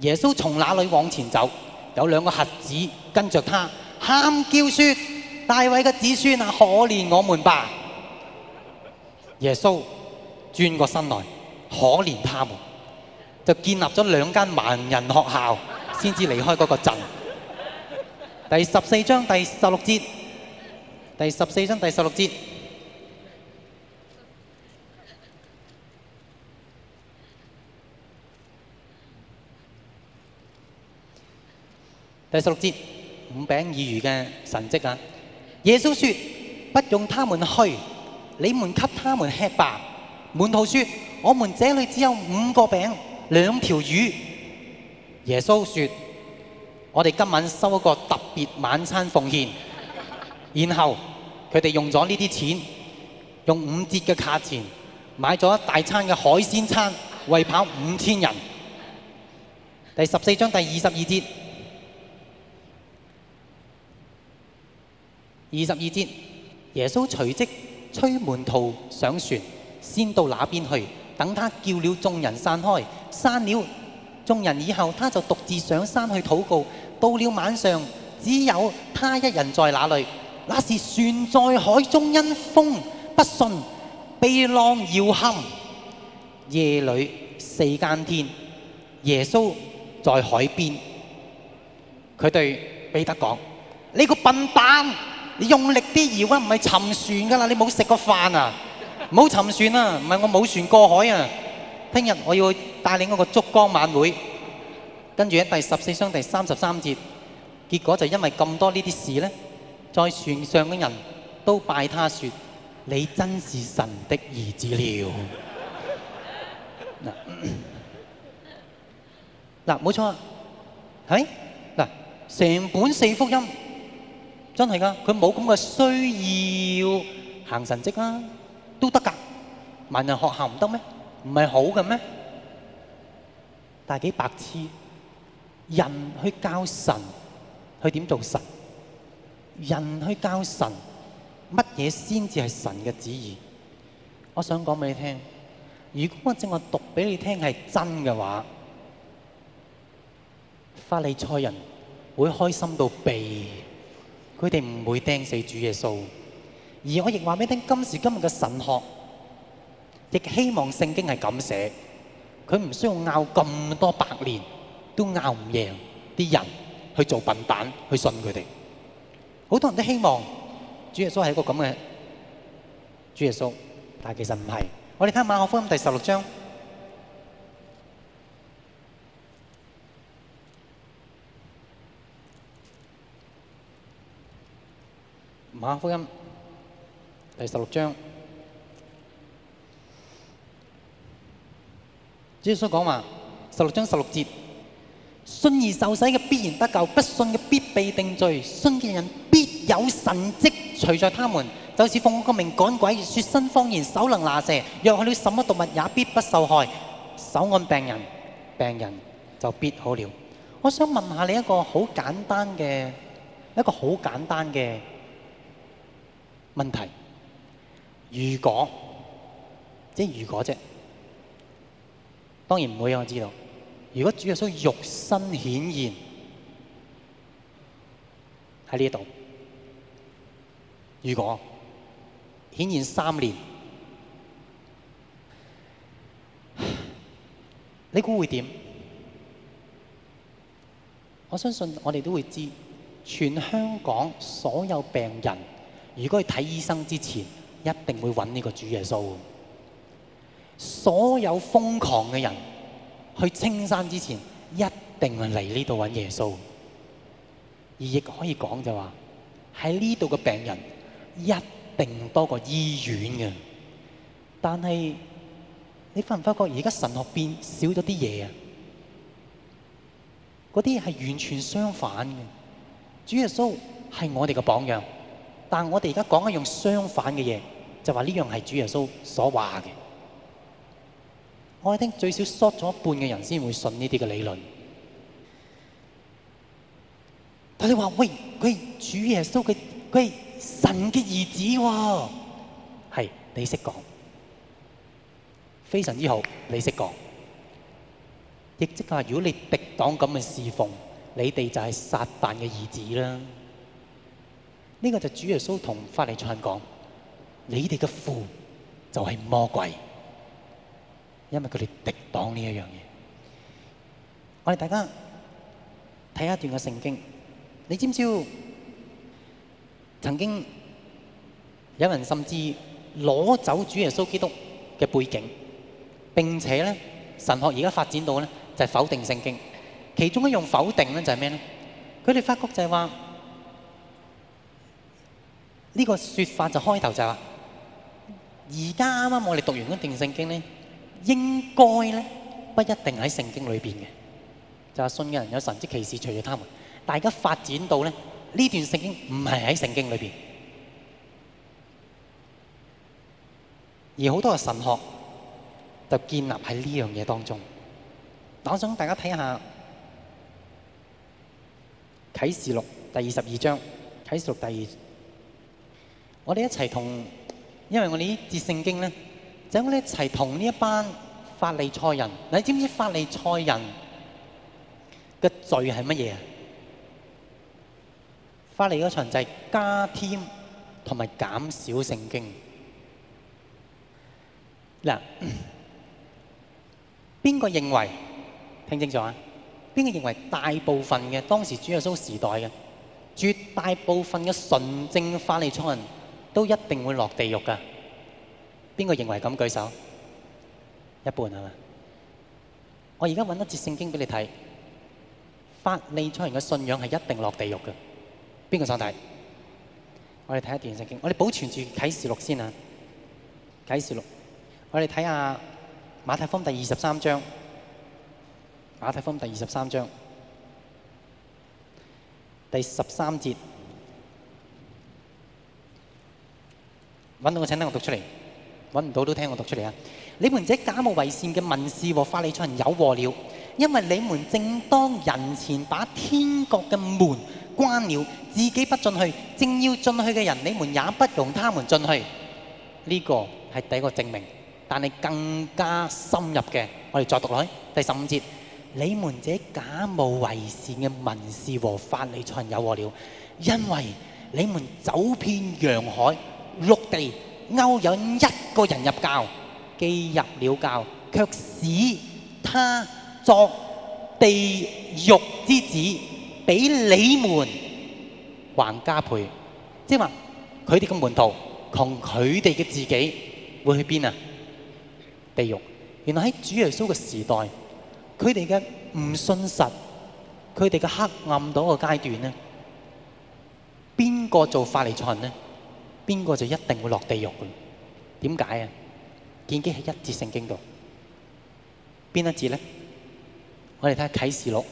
耶穌從那裏往前走，有兩個瞎子跟着他，喊叫說：大衛嘅子孫啊，可憐我們吧！耶穌轉過身來，可憐他們，就建立咗兩間盲人學校，先至離開嗰個鎮。第十四章第十六節，第十四章第十六節。第十六節，五餅二魚嘅神蹟啊！耶穌說：不用他們去，你們給他們吃吧。門徒說：我們這裡只有五個餅，兩條魚。耶穌說：我哋今晚收一個特別晚餐奉獻。然後佢哋用咗呢啲錢，用五折嘅價錢買咗一大餐嘅海鮮餐，餵飽五千人。第十四章第二十二節。二十二節，耶穌隨即催門徒上船，先到那邊去。等他叫了眾人散開，散了眾人以後，他就獨自上山去禱告。到了晚上，只有他一人在那裏。那時船在海中因風不順，被浪搖撼。夜裏四更天，耶穌在海邊，佢對彼得講：呢個笨蛋！你用力啲搖啊，唔係沉船噶啦！你冇食過飯啊，唔好沉船啊！唔係我冇船過海啊！聽日我要帶領我個燭光晚會，跟住喺第十四章第三十三節，結果就因為咁多呢啲事咧，在船上嘅人都拜他說，你真是神的兒子了。嗱， [LAUGHS] 冇 [COUGHS] 錯啊，嗱、哎，成本四福音。真係噶，佢冇咁嘅需要行神跡啊，都得噶。盲人學校唔得咩？唔係好嘅咩？但係幾白痴，人去教神去點做神，人去教神乜嘢先至係神嘅旨意？我想講俾你聽，如果我正話讀俾你聽係真嘅話，法利賽人會開心到痹。佢哋唔會釘死主耶穌，而我亦話俾你聽，今時今日嘅神學，亦希望聖經係咁寫，佢唔需要拗咁多百年，都拗唔贏啲人去做笨蛋去信佢哋。好多人都希望主耶穌係一個咁嘅主耶穌，但係其實唔係。我哋睇馬可福音第十六章。馬福音第十六章，耶穌講話十六章十六節：信而受洗嘅必然得救，不信嘅必被定罪。信嘅人必有神蹟隨在他們，就是奉我個名趕鬼、說新方言、手能拿蛇，若去了什麼毒物也必不受害。手按病人，病人就必好了。我想問下你一個好簡單嘅，一個好簡單嘅。問題，如果即如果啫，當然唔會啊！我知道，如果主耶穌肉身顯現喺呢度，如果顯現三年，你估會點？我相信我哋都會知道，全香港所有病人。如果去睇醫生之前，一定會揾呢個主耶穌。所有瘋狂嘅人去青山之前，一定係嚟呢度揾耶穌。而亦可以講就話，喺呢度嘅病人一定多過醫院嘅。但係你發唔發覺而家神學變少咗啲嘢啊？嗰啲係完全相反嘅。主耶穌係我哋嘅榜樣。但我哋而家講一樣相反嘅嘢，就話呢樣係主耶穌所話嘅。我聽最少說咗一半嘅人先會信呢啲嘅理論。佢哋話：喂，佢係主耶穌佢，佢係神嘅兒子喎，係你識講，非常之好，你識講。亦即係如果你抵擋咁去侍奉，你哋就係撒旦嘅兒子啦。呢、這個就主耶穌同法利賽講，你哋嘅父就係魔鬼，因為佢哋敵擋呢一樣嘢。我哋大家睇一段嘅聖經，你知唔知道曾經有人甚至攞走主耶穌基督嘅背景，並且咧神學而家發展到咧就係否定聖經，其中一樣否定咧就係咩咧？佢哋發覺就係話。呢、這個說法就開頭就話：而家啱啱我哋讀完嗰段聖經咧，應該咧不一定喺聖經裏邊嘅。就係信嘅人有神蹟奇事，除咗他們，大家發展到咧，呢這段聖經唔係喺聖經裏邊，而好多嘅神學就建立喺呢樣嘢當中。我想大家睇下《啟示錄》第二十二章，《啟示錄》第二。我哋一齊同，因為我哋呢節聖經呢，就我哋一齊同呢一班法利賽人。你知唔知道法利賽人嘅罪係乜嘢啊？法利嗰場就係加添同埋減少聖經。嗱，邊個認為？聽清楚啊！邊個認為？大部分嘅當時主耶穌時代嘅絕大部分嘅純正法利賽人。都一定會落地獄的，邊個認為咁？舉手，一半係咪？我而家揾一節聖經畀你睇，法利賽人嘅信仰係一定落地獄的，邊個想睇？我哋睇下《聖經》，我哋保存住啟示錄先啊。啟示錄，我哋睇下馬太福音第二十三章。馬太福音第二十三章，第十三節。揾到個請聽我讀出嚟；揾唔到都聽我讀出嚟啊！你們這假冒為善嘅文士和法利賽人有禍了，因為你們正當人前把天國嘅門關了，自己不進去，正要進去嘅人你們也不容他們進去。呢個係第一個證明。但係更加深入嘅，我哋再讀落去第十五節：你們這假冒為善嘅文士和法利賽人有禍了，因為你們走遍洋海。陸地勾引一個人入教，既入了教，卻使他作地獄之子，比你們還加倍。即係話，佢哋嘅門徒同佢哋嘅自己會去邊啊？地獄。原來喺主耶穌嘅時代，佢哋嘅唔信實，佢哋嘅黑暗到一個階段咧，邊個做法利賽人咧？邊個就一定會落地獄嘅？點解啊？見機係一節聖經度，邊一節咧？我哋睇下啟示錄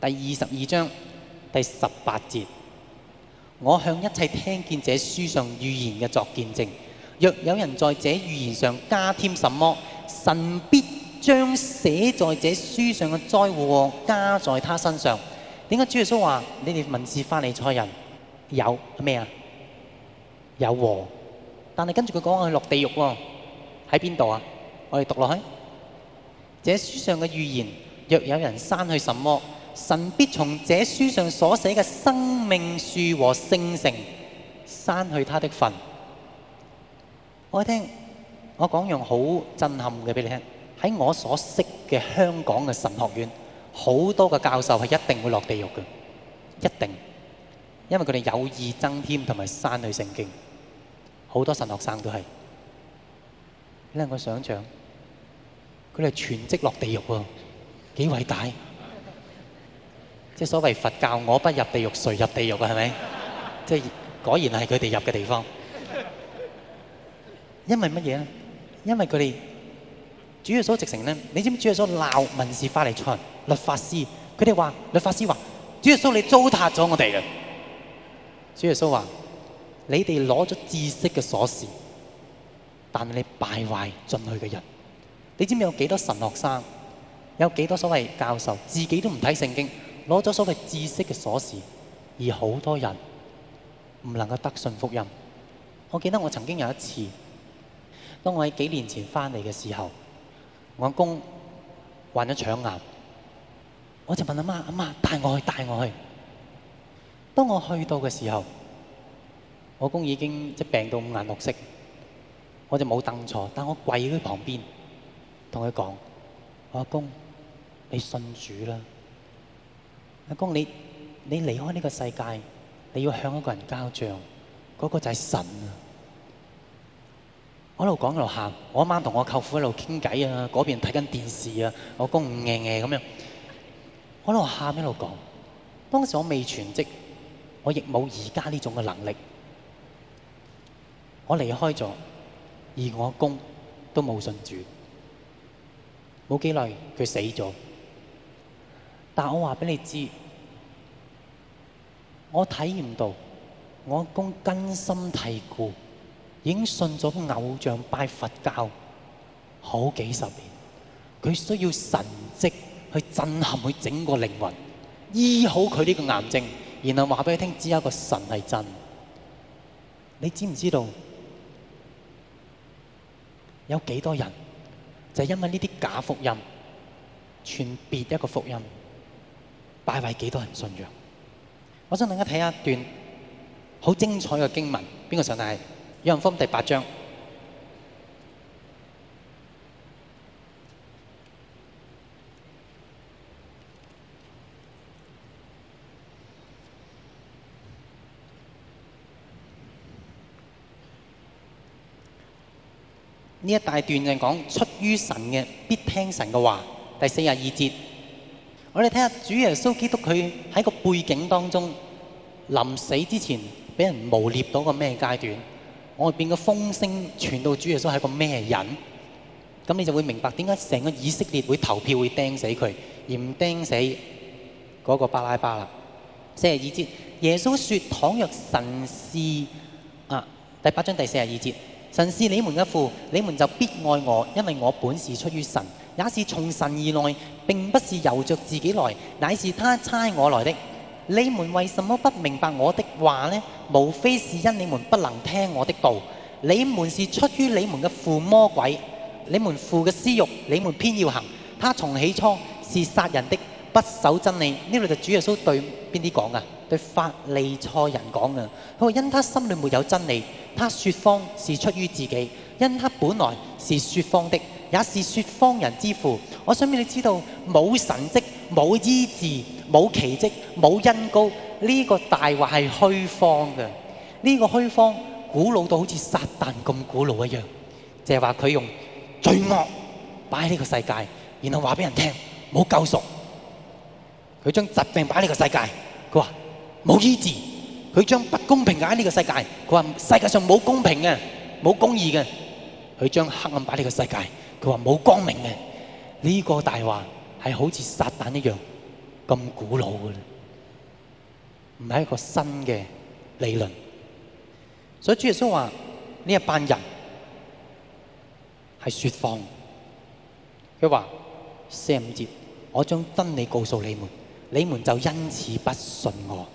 第二十二章第十八節：，我向一切聽見這書上預言嘅作見證，若有人在這預言上加添什麼，神必將寫在這書上嘅災禍加在他身上。點解？主耶穌話：，你哋文字翻嚟錯人有咩啊？有和，但係跟住佢講話佢落地獄喎、哦，喺邊度啊？我哋讀落去，這書上嘅預言，若有人刪去什麼，神必從這書上所寫嘅生命樹和聖城刪去他的份。我聽我講用好震撼嘅俾你聽，喺我所識嘅香港嘅神學院，好多嘅教授係一定會落地獄嘅，一定，因為佢哋有意增添同埋刪去聖經。好多神學生都係，你諗我想象，佢哋全職落地獄喎，幾偉大！即所謂佛教，我不入地獄誰入地獄啊？係咪？ [LAUGHS] 即係果然係佢哋入嘅地方。 [LAUGHS] 因為乜嘢咧？因為佢哋主耶穌直承呢，你知唔知主耶穌鬧民事法例巡律法師？佢哋話律法師話，主耶穌你糟蹋咗我哋嘅。主耶穌話。你哋攞咗知識嘅鎖匙，但你敗壞進去嘅人，你知唔知有幾多神學生，有幾多所謂教授自己都唔睇聖經，攞咗所謂知識嘅鎖匙，而好多人唔能夠得信福音。我記得我曾經有一次，當我喺幾年前翻嚟嘅時候，我阿公患咗腸癌，我就問阿媽，媽：阿媽，媽帶我去，帶我去。當我去到嘅時候，我公已經即病到五顏六色，我就冇凳坐，但我跪喺佢旁邊，同佢講：我公，你信主啦！阿公，你你離開呢個世界，你要向一個人交賬，嗰個就係神啊！我一路講一路喊，我嗰晚同我舅父一路傾偈啊，嗰邊睇緊電視啊，我公唔嘢嘢咁樣，我一路喊一路講。當時我未全職，我亦冇而家呢種嘅能力。我離開咗，而我公都冇信主，冇幾耐佢死咗。但我話俾你知，我體驗到我公根深蒂固已經信咗偶像拜佛教好幾十年，佢需要神蹟去震撼佢整個靈魂，醫好佢呢個癌症，然後話俾佢聽，只有一個神係真的。你知唔知道？有幾多少人就是、因為呢啲假福音傳別一個福音，拜壞幾多少人信仰？我想大家睇一段好精彩嘅經文，邊個上來？係有人福第八章。呢一大段就講出於神嘅必聽神嘅話，第四十二節。我哋睇下主耶穌基督佢喺個背景當中臨死之前俾人污蔑到個咩階段？外邊嘅風聲傳到主耶穌係個咩人？咁你就會明白點解成個以色列會投票會釘死佢，而唔釘死嗰個巴拉巴啦。四十二節，耶穌說：倘若神是啊，第八章第四十二節。神是你們嘅父，你們就必愛我，因為我本是出於神，也是從神而來，並不是由着自己來，乃是他差我來的。你們為什麼不明白我的話呢？無非是因你們不能聽我的道。你們是出於你們嘅父魔鬼，你們父嘅私欲，你們偏要行。他從起初是殺人的，不守真理。呢度就主耶穌對邊啲講啊？對法利賽人講嘅，佢話因他心裏沒有真理，他説謊是出於自己，因他本來是説謊的，也是説謊人之父。我想俾你知道，冇神蹟，冇醫治，冇奇蹟，冇恩膏。呢、這個大話係虛謊嘅。呢、這個虛謊古老到好似撒旦咁古老一樣，就係話佢用罪惡擺喺呢個世界，然後話俾人聽冇救贖。佢將疾病擺喺呢個世界，佢話。冇意志，佢將不公平擺喺呢個世界。佢話世界上冇公平嘅，冇公義嘅。佢將黑暗擺喺呢個世界。佢話冇光明嘅。呢個大話係好似撒旦一樣咁古老嘅啦，唔係一個新嘅理論。所以主耶穌話呢一班人係說謊。佢話四十五節，我將真理告訴你們，你們就因此不信我。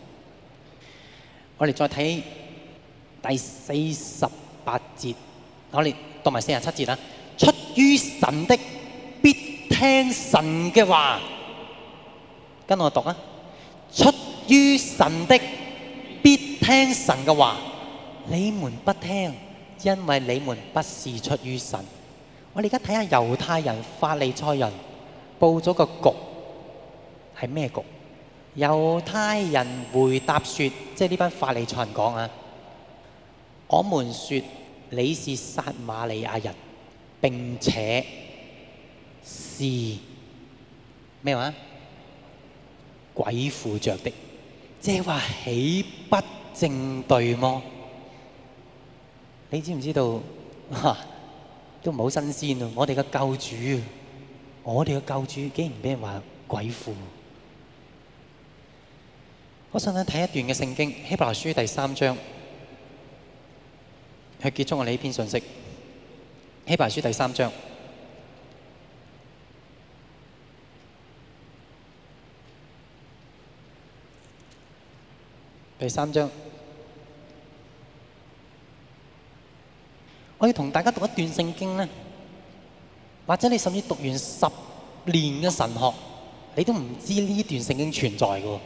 我哋再睇第四十八節，我哋讀埋四十七節啦。出於神的必聽神嘅話，跟我讀啊！出於神的必聽神嘅話，你們不聽，因為你們不是出於神。我哋而家睇下猶太人、法利賽人布咗個局係咩局？猶太人回答說：即係呢班法利賽人講啊，我們說你是撒瑪利亞人，並且是咩話，鬼附着的，即係話豈不正對麼？你知唔知道？都唔好新鮮啊！鮮了我哋嘅救主，我哋嘅救主竟然俾人話鬼附。我想睇一段嘅聖經希伯來書第三章，去結束我呢篇信息。希伯來書第三章，第三章，我要同大家讀一段聖經呢，或者你甚至讀完十年嘅神學，你都唔知呢段聖經存在喎。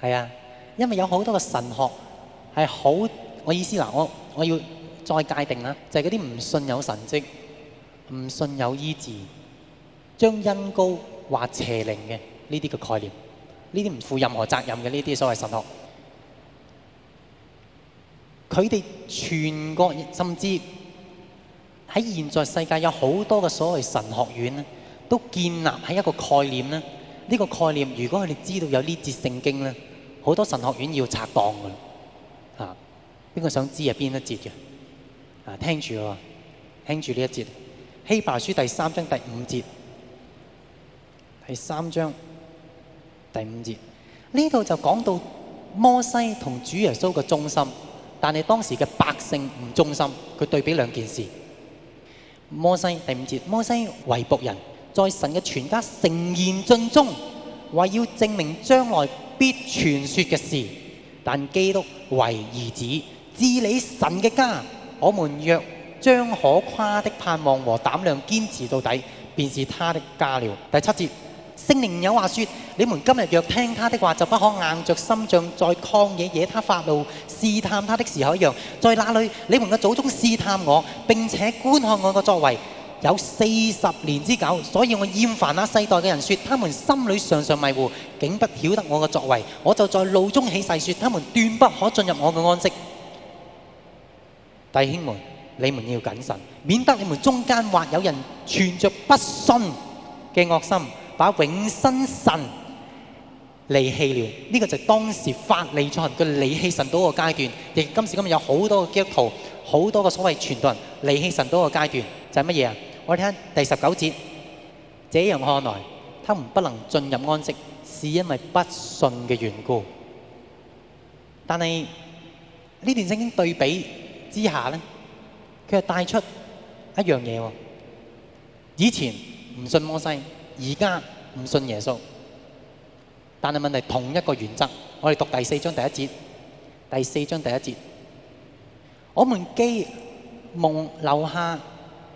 係啊，因為有好多個神學係好，我意思嗱，我我要再界定啦，就係嗰啲唔信有神蹟、唔信有醫治、將恩高膏或邪靈嘅呢啲嘅概念，呢啲唔負任何責任嘅呢啲所謂神學，佢哋全國甚至喺現在世界有好多嘅所謂神學院咧，都建立喺一個概念咧，呢個概念如果佢哋知道有呢節聖經咧。好多神學院要拆檔噶啦，啊，邊個想知係邊一節嘅啊？聽住啊，聽住呢一節，希伯來書第三章第五節，第三章第五節，呢度就講到摩西同主耶穌嘅忠心，但係當時嘅百姓唔忠心，佢對比兩件事。摩西第五節，摩西為僕人，在神嘅全家誠然盡忠。為要證明將來必傳說嘅事，但基督為兒子治理神嘅家，我們若將可誇的盼望和膽量堅持到底，便是他的家了。第七節，聖靈有話說：你們今日若聽他的話，就不可硬着心像在曠野惹他發怒，試探他的時候一樣。在那裏，你們嘅祖宗試探我，並且觀看我嘅作為。有四十年之久，所以我厭煩那世代嘅人說，說他們心裏常常迷糊，竟不曉得我嘅作為。我就在怒中起誓說，他們斷不可進入我嘅安息。弟兄們，你們要謹慎，免得你們中間或有人存着不信嘅惡心，把永生神離棄了。呢、這個就是當時法利賽人，佢離棄神嗰個階段。亦今時今日有好多基督徒，好多的所謂傳道人離棄神嗰個階段。就係乜嘢啊？我們看第十九節，這樣看來，他們不能進入安息，是因為不信嘅緣故。但是呢段聖經對比之下呢，佢又帶出一樣嘢，以前唔信摩西，而家唔信耶穌。但係問題同一個原則，我哋讀第四章第一節，第四章第一節，我們既蒙留下。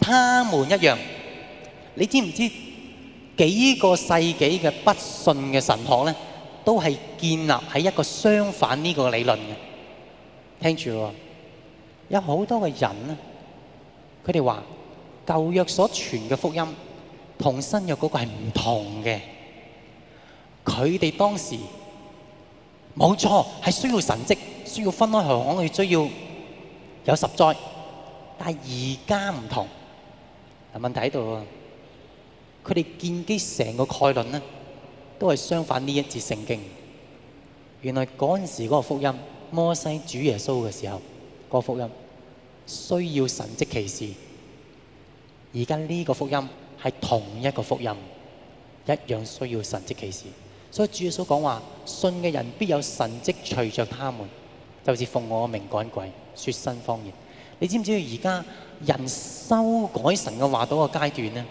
他們一樣，你知唔知幾個世紀嘅不信嘅神學呢？都係建立喺一個相反呢個理論嘅？聽住喎，有好多嘅人咧，佢哋話舊約所傳嘅福音同新約嗰個係唔同嘅。佢哋當時冇錯係需要神蹟，需要分開何項，佢需要有十災，但係而家唔同。啊！問題喺度啊！佢哋建基成個概論咧，都係相反呢一節聖經的。原來嗰陣時嗰個福音，摩西主耶穌嘅時候嗰、那個福音，需要神蹟奇事。而家呢個福音係同一個福音，一樣需要神蹟奇事。所以主耶穌講話：信嘅人必有神蹟隨着他們，就似奉我名趕鬼、說新方言。你知唔知而家？人修改神嘅話到一個階段咧，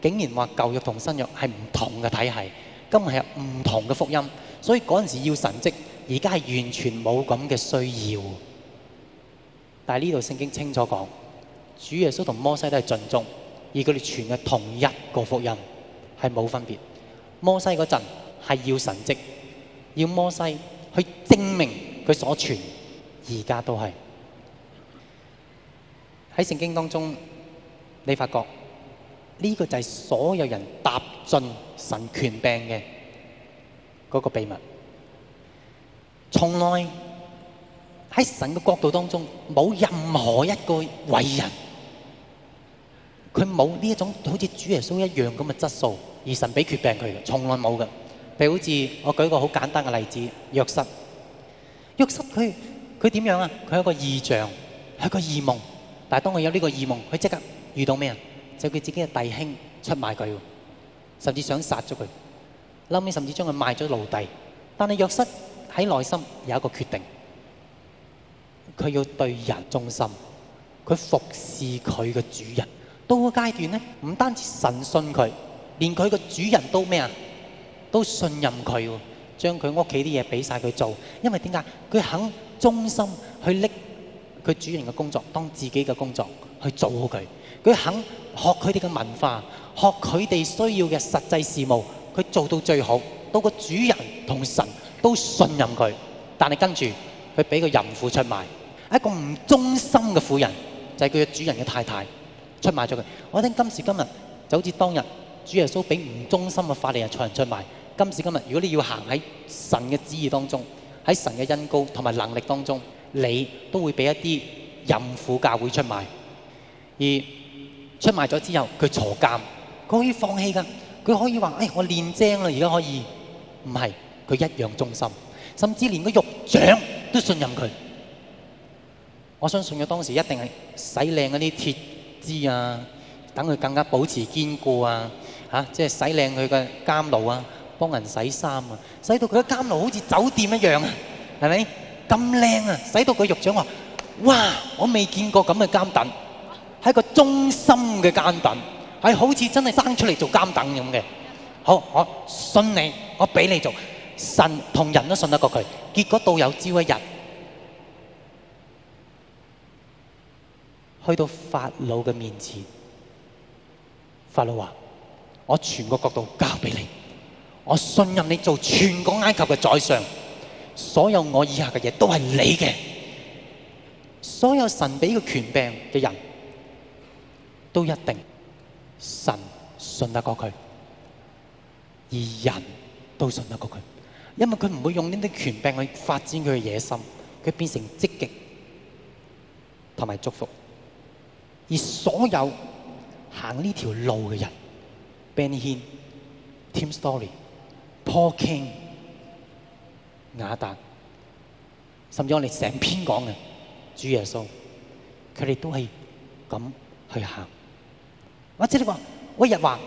竟然話舊約同新約係唔同嘅體系，今日係唔同嘅福音，所以嗰陣時候要神蹟，而家係完全冇咁嘅需要。但係呢度聖經清楚講，主耶穌同摩西都係盡忠，而佢哋傳嘅同一個福音係冇分別。摩西嗰陣係要神蹟，要摩西去證明佢所傳，而家都係。喺聖經當中，你發覺呢個就係所有人踏進神權柄嘅嗰個秘密。從來喺神嘅角度當中，冇任何一個偉人，佢冇呢種好似主耶穌一樣咁嘅質素，而神俾權柄佢嘅，從來冇嘅。譬如好似我舉一個好簡單嘅例子，約瑟。約瑟佢佢點樣啊？佢有個異象，有個異夢。但係當佢有呢個異夢，佢即刻遇到咩啊？就佢自己嘅弟兄出賣佢，甚至想殺咗佢。後屘甚至將佢賣咗奴隸。但係約瑟喺內心有一個決定，佢要對人忠心，佢服侍佢嘅主人。到個階段咧，唔單止神信佢，連佢個主人都咩啊？都信任佢，將佢屋企啲嘢俾晒佢做。因為點解？佢肯忠心去拎。佢主人嘅工作當自己嘅工作去做好佢，佢肯學佢哋嘅文化，學佢哋需要嘅實際事務，佢做到最好，到個主人同神都信任佢。但係跟住佢俾個淫婦出賣，一個唔忠心嘅婦人就係佢嘅主人嘅太太出賣咗佢。我聽今時今日就好似當日主耶穌俾唔忠心嘅法利賽人出賣。今時今日如果你要行喺神嘅旨意當中，喺神嘅恩膏同埋能力當中。你都會俾一啲淫婦教會出賣，而出賣咗之後，佢坐監，佢可以放棄噶，佢可以話，哎，我練精啦，而家可以。唔係，佢一樣忠心，甚至連個獄長都信任佢。我相信佢當時一定係洗靚嗰啲鐵枝啊，等佢更加保持堅固啊，嚇，即係洗靚佢嘅監牢啊，幫人洗衫啊，洗到佢嘅監牢好似酒店一樣啊，係咪？咁靚啊！使到個獄長話：，哇！我未見過咁嘅監躉，係一個忠心嘅監躉，係好似真係生出嚟做監躉咁嘅。好，我信你，我畀你做。神同人都信得過佢。結果到有朝一日，去到法老嘅面前，法老話：我全個國土交畀你，我信任你做全個埃及嘅宰相。所有我以下嘅嘢都係你嘅，所有神俾佢權柄嘅人都一定神信得過佢，而人都信得過佢，因為佢唔會用呢啲權柄去發展佢嘅野心，佢變成積極同埋祝福。而所有行呢條路嘅人，Benny Hinn、Tim Story、Paul King。亞達，甚至我哋成篇講嘅主耶穌，佢哋都係咁去行。或者你話，我日華，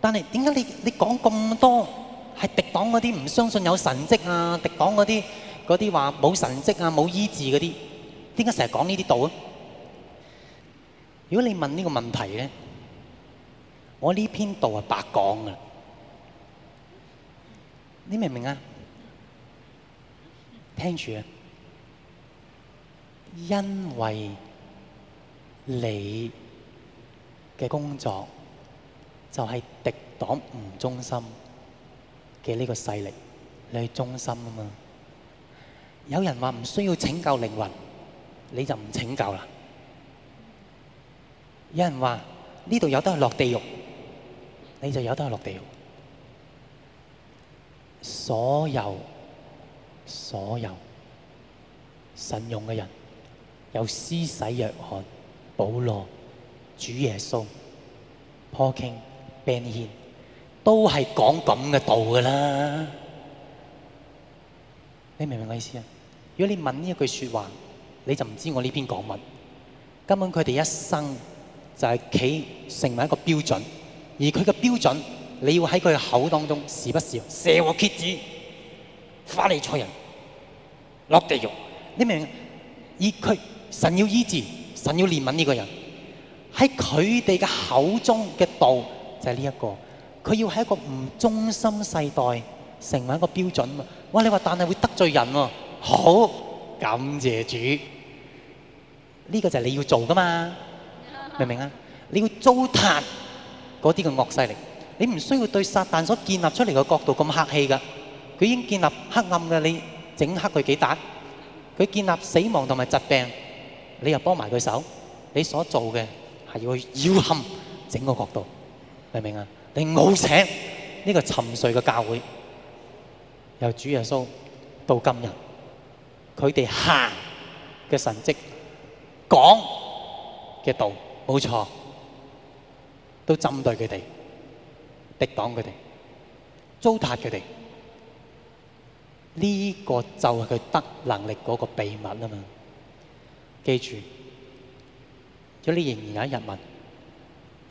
但係點解你你講咁多，係敵擋嗰啲唔相信有神跡啊，敵擋嗰啲嗰啲話冇神跡啊，冇醫治嗰啲啊，點解成日講呢啲道啊？如果你問呢個問題呢，我呢篇道係白講嘅，你明唔明啊？聽住啊！因為你嘅工作就係敵黨唔中心唔忠心嘅呢個勢力，你忠心啊嘛！有人話唔需要拯救靈魂，你就唔拯救啦。有人話呢度有得去落地獄，你就有得去落地獄。所有。所有神用嘅人，有施洗約翰、保羅、主耶穌、Paul King、Benjamin、都係講咁嘅道噶啦。你明唔明我意思啊？如果你問呢一句說話，你就唔知我呢邊講乜。根本佢哋一生就係企成為一個標準，而佢嘅標準，你要喺佢嘅口當中，時不時蛇我蠍子、法利賽人。落地獄，你明唔明？以佢神要醫治，神要憐憫呢個人，喺佢哋嘅口中嘅道就係呢一個。佢要喺一個唔忠心世代成為一個標準啊！哇，你話但係會得罪人喎，好感謝主，呢個就係你要做噶嘛， [LAUGHS] 明唔明啊？你要糟蹋嗰啲嘅惡勢力，你唔需要對撒旦所建立出嚟嘅角度咁客氣噶，佢已經建立黑暗嘅你。整黑佢幾打，佢建立死亡同埋疾病，你又幫埋佢手，你所做嘅係要去擾撼整個國度，明唔明啊？你嗌醒呢個沉睡嘅教會，由主耶穌到今日，佢哋行嘅神蹟、講嘅道，冇錯，都針對佢哋，敵擋佢哋，糟蹋佢哋。呢、這個就係佢得能力嗰個秘密啊嘛！記住，如果你仍然有一日問，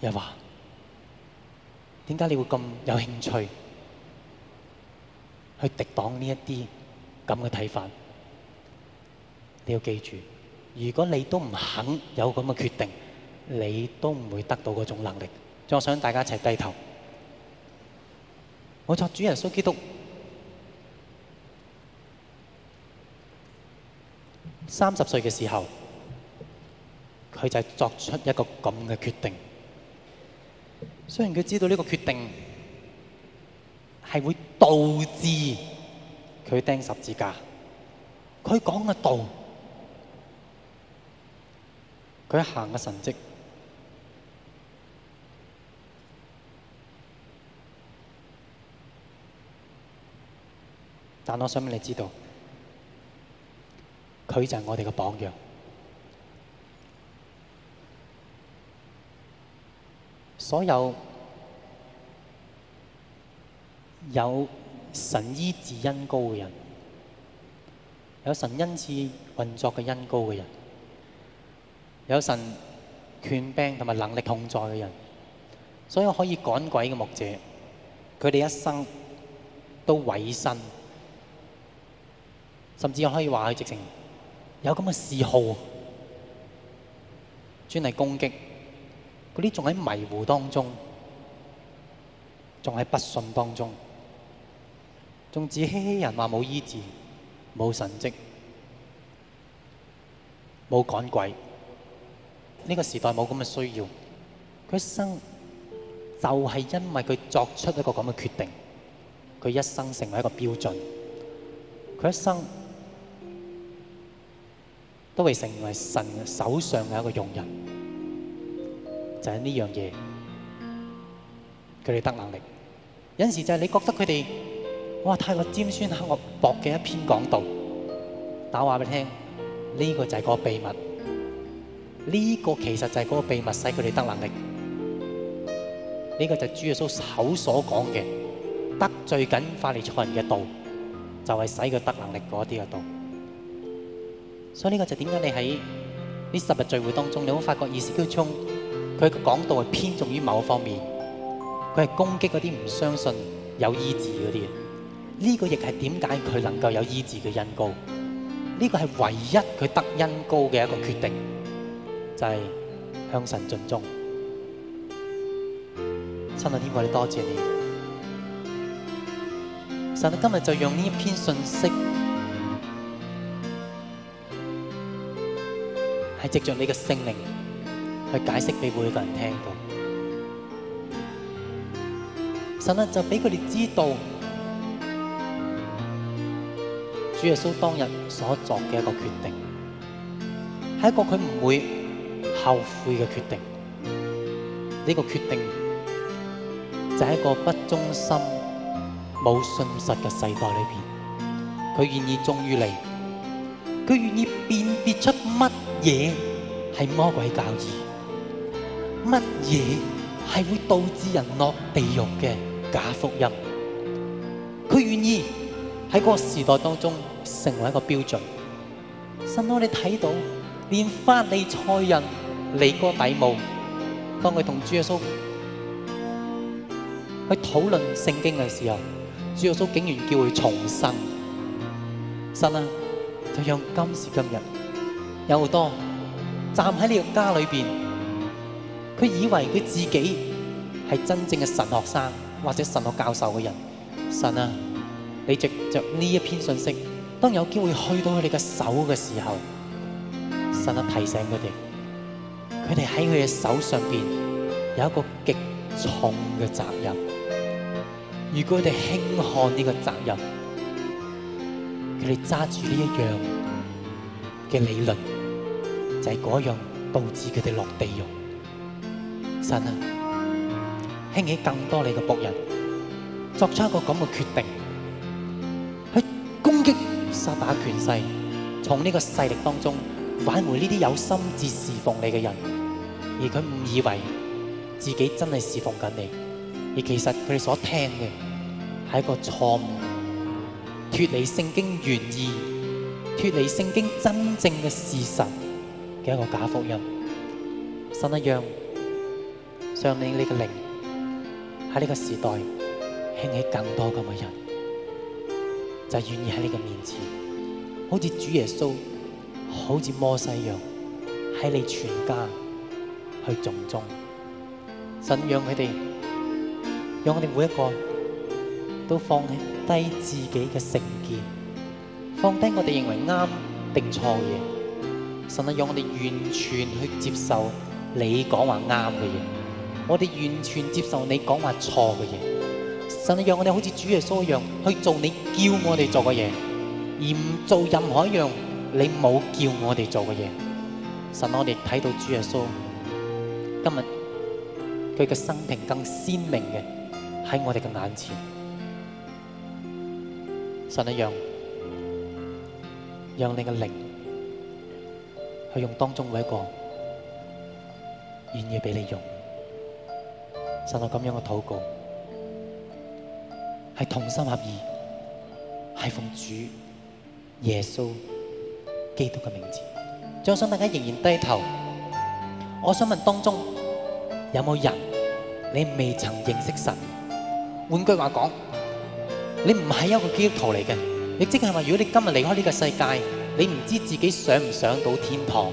又話點解你會咁有興趣去敵擋呢一啲咁嘅睇法？你要記住，如果你都唔肯有咁嘅決定，你都唔會得到嗰種能力。我想大家一齊低頭。我作主耶穌基督。三十歲嘅時候，佢就作出一個咁嘅決定。雖然佢知道呢個決定係會導致佢釘十字架，佢講嘅道，佢行嘅神蹟，但我想畀你知道。佢就係我哋嘅榜樣。所有有神醫治恩膏嘅人，有神恩賜運作嘅恩膏嘅人，有神權柄同埋能力同在嘅人，所有可以趕鬼嘅牧者，佢哋一生都委身，甚至我可以話佢直情。有咁嘅嗜好，專係攻擊嗰啲仲喺迷糊當中，仲喺不信當中，仲自欺欺人話冇醫治、冇神蹟、冇趕鬼。呢、這個時代冇咁嘅需要，佢一生就係因為佢作出一個咁嘅決定，佢一生成為一個標準，佢一生。都會成為神手上嘅一個傭人，就係呢樣嘢，佢哋得能力。有陣時就係你覺得佢哋，哇，太過尖酸刻薄嘅一篇講道，但我告訴你，但我話俾你聽，呢個就係個秘密，呢個其實就係嗰個秘密，使佢哋得能力。呢個就係主耶穌口所講嘅，得罪緊法利賽人嘅道，就係使佢得能力嗰啲嘅道。所以呢個就點解你喺呢十日聚會當中，你會發覺耶穌中佢嘅講道係偏重於某一方面，佢係攻擊嗰啲唔相信有醫治嗰啲嘅。呢、這個亦係點解佢能夠有醫治嘅恩膏。呢、這個係唯一佢得恩膏嘅一個決定，就係、是、向神盡忠。親愛天父，你多謝你。神，你今日就用呢一篇信息。係藉着你嘅聖靈去解釋俾每個人聽到，神啊就俾佢哋知道，主耶穌當日所作嘅一個決定，係一個佢唔會後悔嘅決定。呢個決定就係一個不忠心、冇信實嘅世代裏邊，佢願意忠於你，佢願意辨別出嘢係魔鬼教義，乜嘢係會導致人落地獄嘅假福音？佢願意喺嗰個時代當中成為一個標準。甚至我哋睇到，連法利賽人尼哥底母，當佢同主耶穌去討論聖經嘅時候，主耶穌竟然叫佢重生，生啦，就像今時今日。有好多站喺呢個家裏邊，佢以為佢自己係真正嘅神學生或者神學教授嘅人。神啊，你藉着呢一篇信息，當有機會去到佢哋嘅手嘅時候，神啊，提醒佢哋，佢哋喺佢嘅手上邊有一個極重嘅責任。如果佢哋輕看呢個責任，佢哋揸住呢一樣嘅理論。就係、是、嗰樣導致佢哋落地獄。神啊，興起更多你嘅僕人，作出一個咁嘅決定，去攻擊撒但嘅權勢，從呢個勢力當中挽回呢啲有心志侍奉你嘅人，而佢誤以為自己真係侍奉緊你，而其實佢哋所聽嘅係一個錯誤，脱離聖經原意，脱離聖經真正嘅事實。嘅一個假福音，神一樣，想令你嘅靈喺呢個時代興起更多咁嘅人，就願意喺你嘅面前，好似主耶穌，好似摩西一樣，喺你全家去種種，信仰佢哋，讓我哋每一個都放低自己嘅成見，放低我哋認為啱定錯嘢。神啊，讓我哋完全去接受你講話啱嘅嘢，我哋完全接受你講話錯嘅嘢。神啊，讓我哋好似主耶穌一樣去做你叫我哋做嘅嘢，而唔做任何一樣你冇叫我哋做嘅嘢。神，我哋睇到主耶穌今日佢嘅生平更鮮明嘅喺我哋嘅眼前。神一樣，讓讓你嘅靈。去用當中嘅一個願意俾你用，實在咁樣嘅禱告係同心合意，係奉主耶穌基督嘅名字。我想大家仍然低頭，我想問當中有冇人你未曾認識神？換句話講，你唔係一個基督徒嚟嘅，你即係話如果你今日離開呢個世界，你唔知自己上唔上到天堂？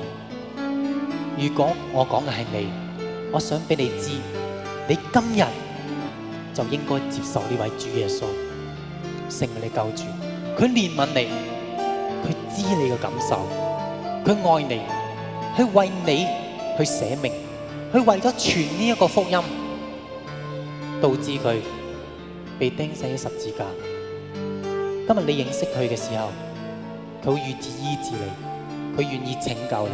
如果我講嘅係你，我想俾你知，你今日就應該接受呢位主耶穌，成為你救主。佢憐憫你，佢知你嘅感受，佢愛你，佢為你去捨命，佢為咗傳呢一個福音，導致佢被釘死喺十字架。今日你認識佢嘅時候。佢會願意醫治你，佢願意拯救你。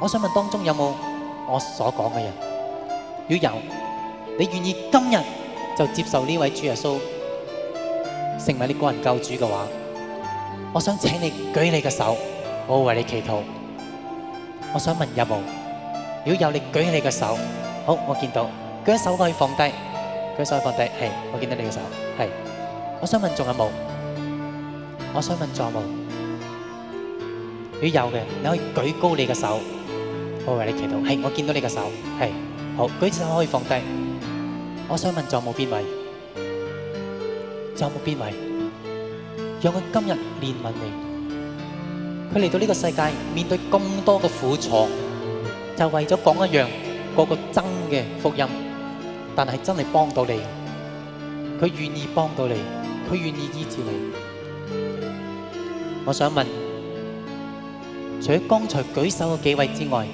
我想問當中有冇我所講嘅人？要有，你願意今日就接受呢位主耶穌成為你個人救主嘅話，我想請你舉你嘅手，我會為你祈禱。我想問有冇？如果有，有你舉起你嘅手。好，我見到舉一手可以放低，舉一手可以放低。係，我見到你嘅手。係，我想問仲有冇？我想問仲有冇？如果有嘅，你可以舉高你嘅手，我為你祈禱。係，我見到你嘅手，係，好，舉手可以放低。我想問，仲有冇邊位？仲有冇邊位？讓佢今日憐憫你。佢嚟到呢個世界，面對咁多嘅苦楚，就為咗講一樣嗰個真嘅福音，但係真係幫到你。佢願意幫到你，佢願意醫治你。我想問。除咗剛才舉手嘅幾位之外，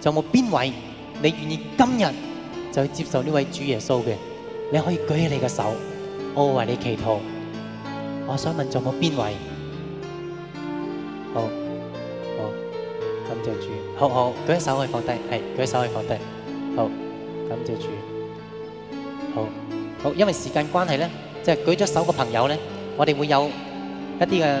仲有冇邊位你願意今日就去接受呢位主耶穌嘅？你可以舉起你嘅手，我會為你祈禱。我想問，仲有冇邊位？好，好，感謝主。好好，舉手可以放低，係舉手可以放低。好，感謝主。好好，因為時間關係咧，即係舉咗手嘅朋友咧，我哋會有一啲嘅。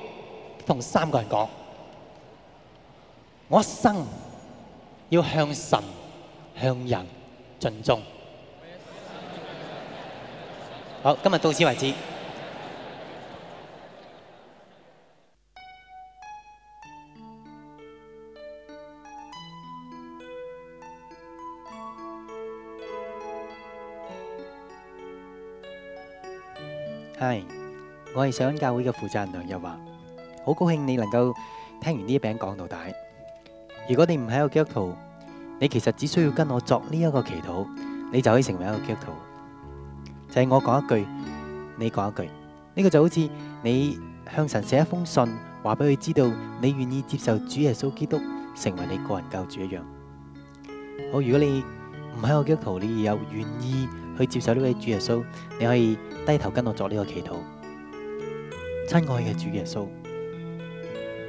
同三個人講，我一生要向神、向人盡忠。好，今日到此為止。係，我係上恩教會嘅負責人梁日華。好高興你能夠聽完呢一篇講道。如果你唔喺個基督徒，你其實只需要跟我作呢一個祈禱，你就可以成為一個基督徒。就係我講一句，你講一句，呢個就好似你向神寫一封信，話俾佢知道你願意接受主耶穌基督成為你個人救主一樣。好，如果你唔喺個基督徒，你有願意去接受呢位主耶穌，你可以低頭跟我作呢個祈禱。親愛嘅主耶穌。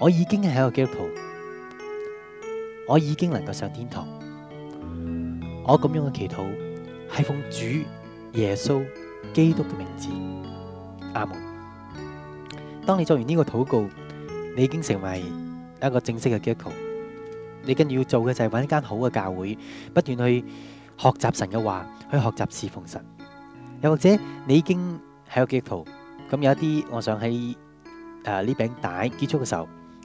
我已經係一個基督徒，我已經能夠上天堂。我咁樣嘅祈禱係奉主耶穌基督嘅名字，阿門。當你做完呢個禱告，你已經成為一個正式嘅基督徒。你跟住要做嘅就係揾一間好嘅教會，不斷去學習神嘅話，去學習侍奉神。又或者你已經係一個基督徒，咁有一啲我想喺誒呢餅帶結束嘅時候。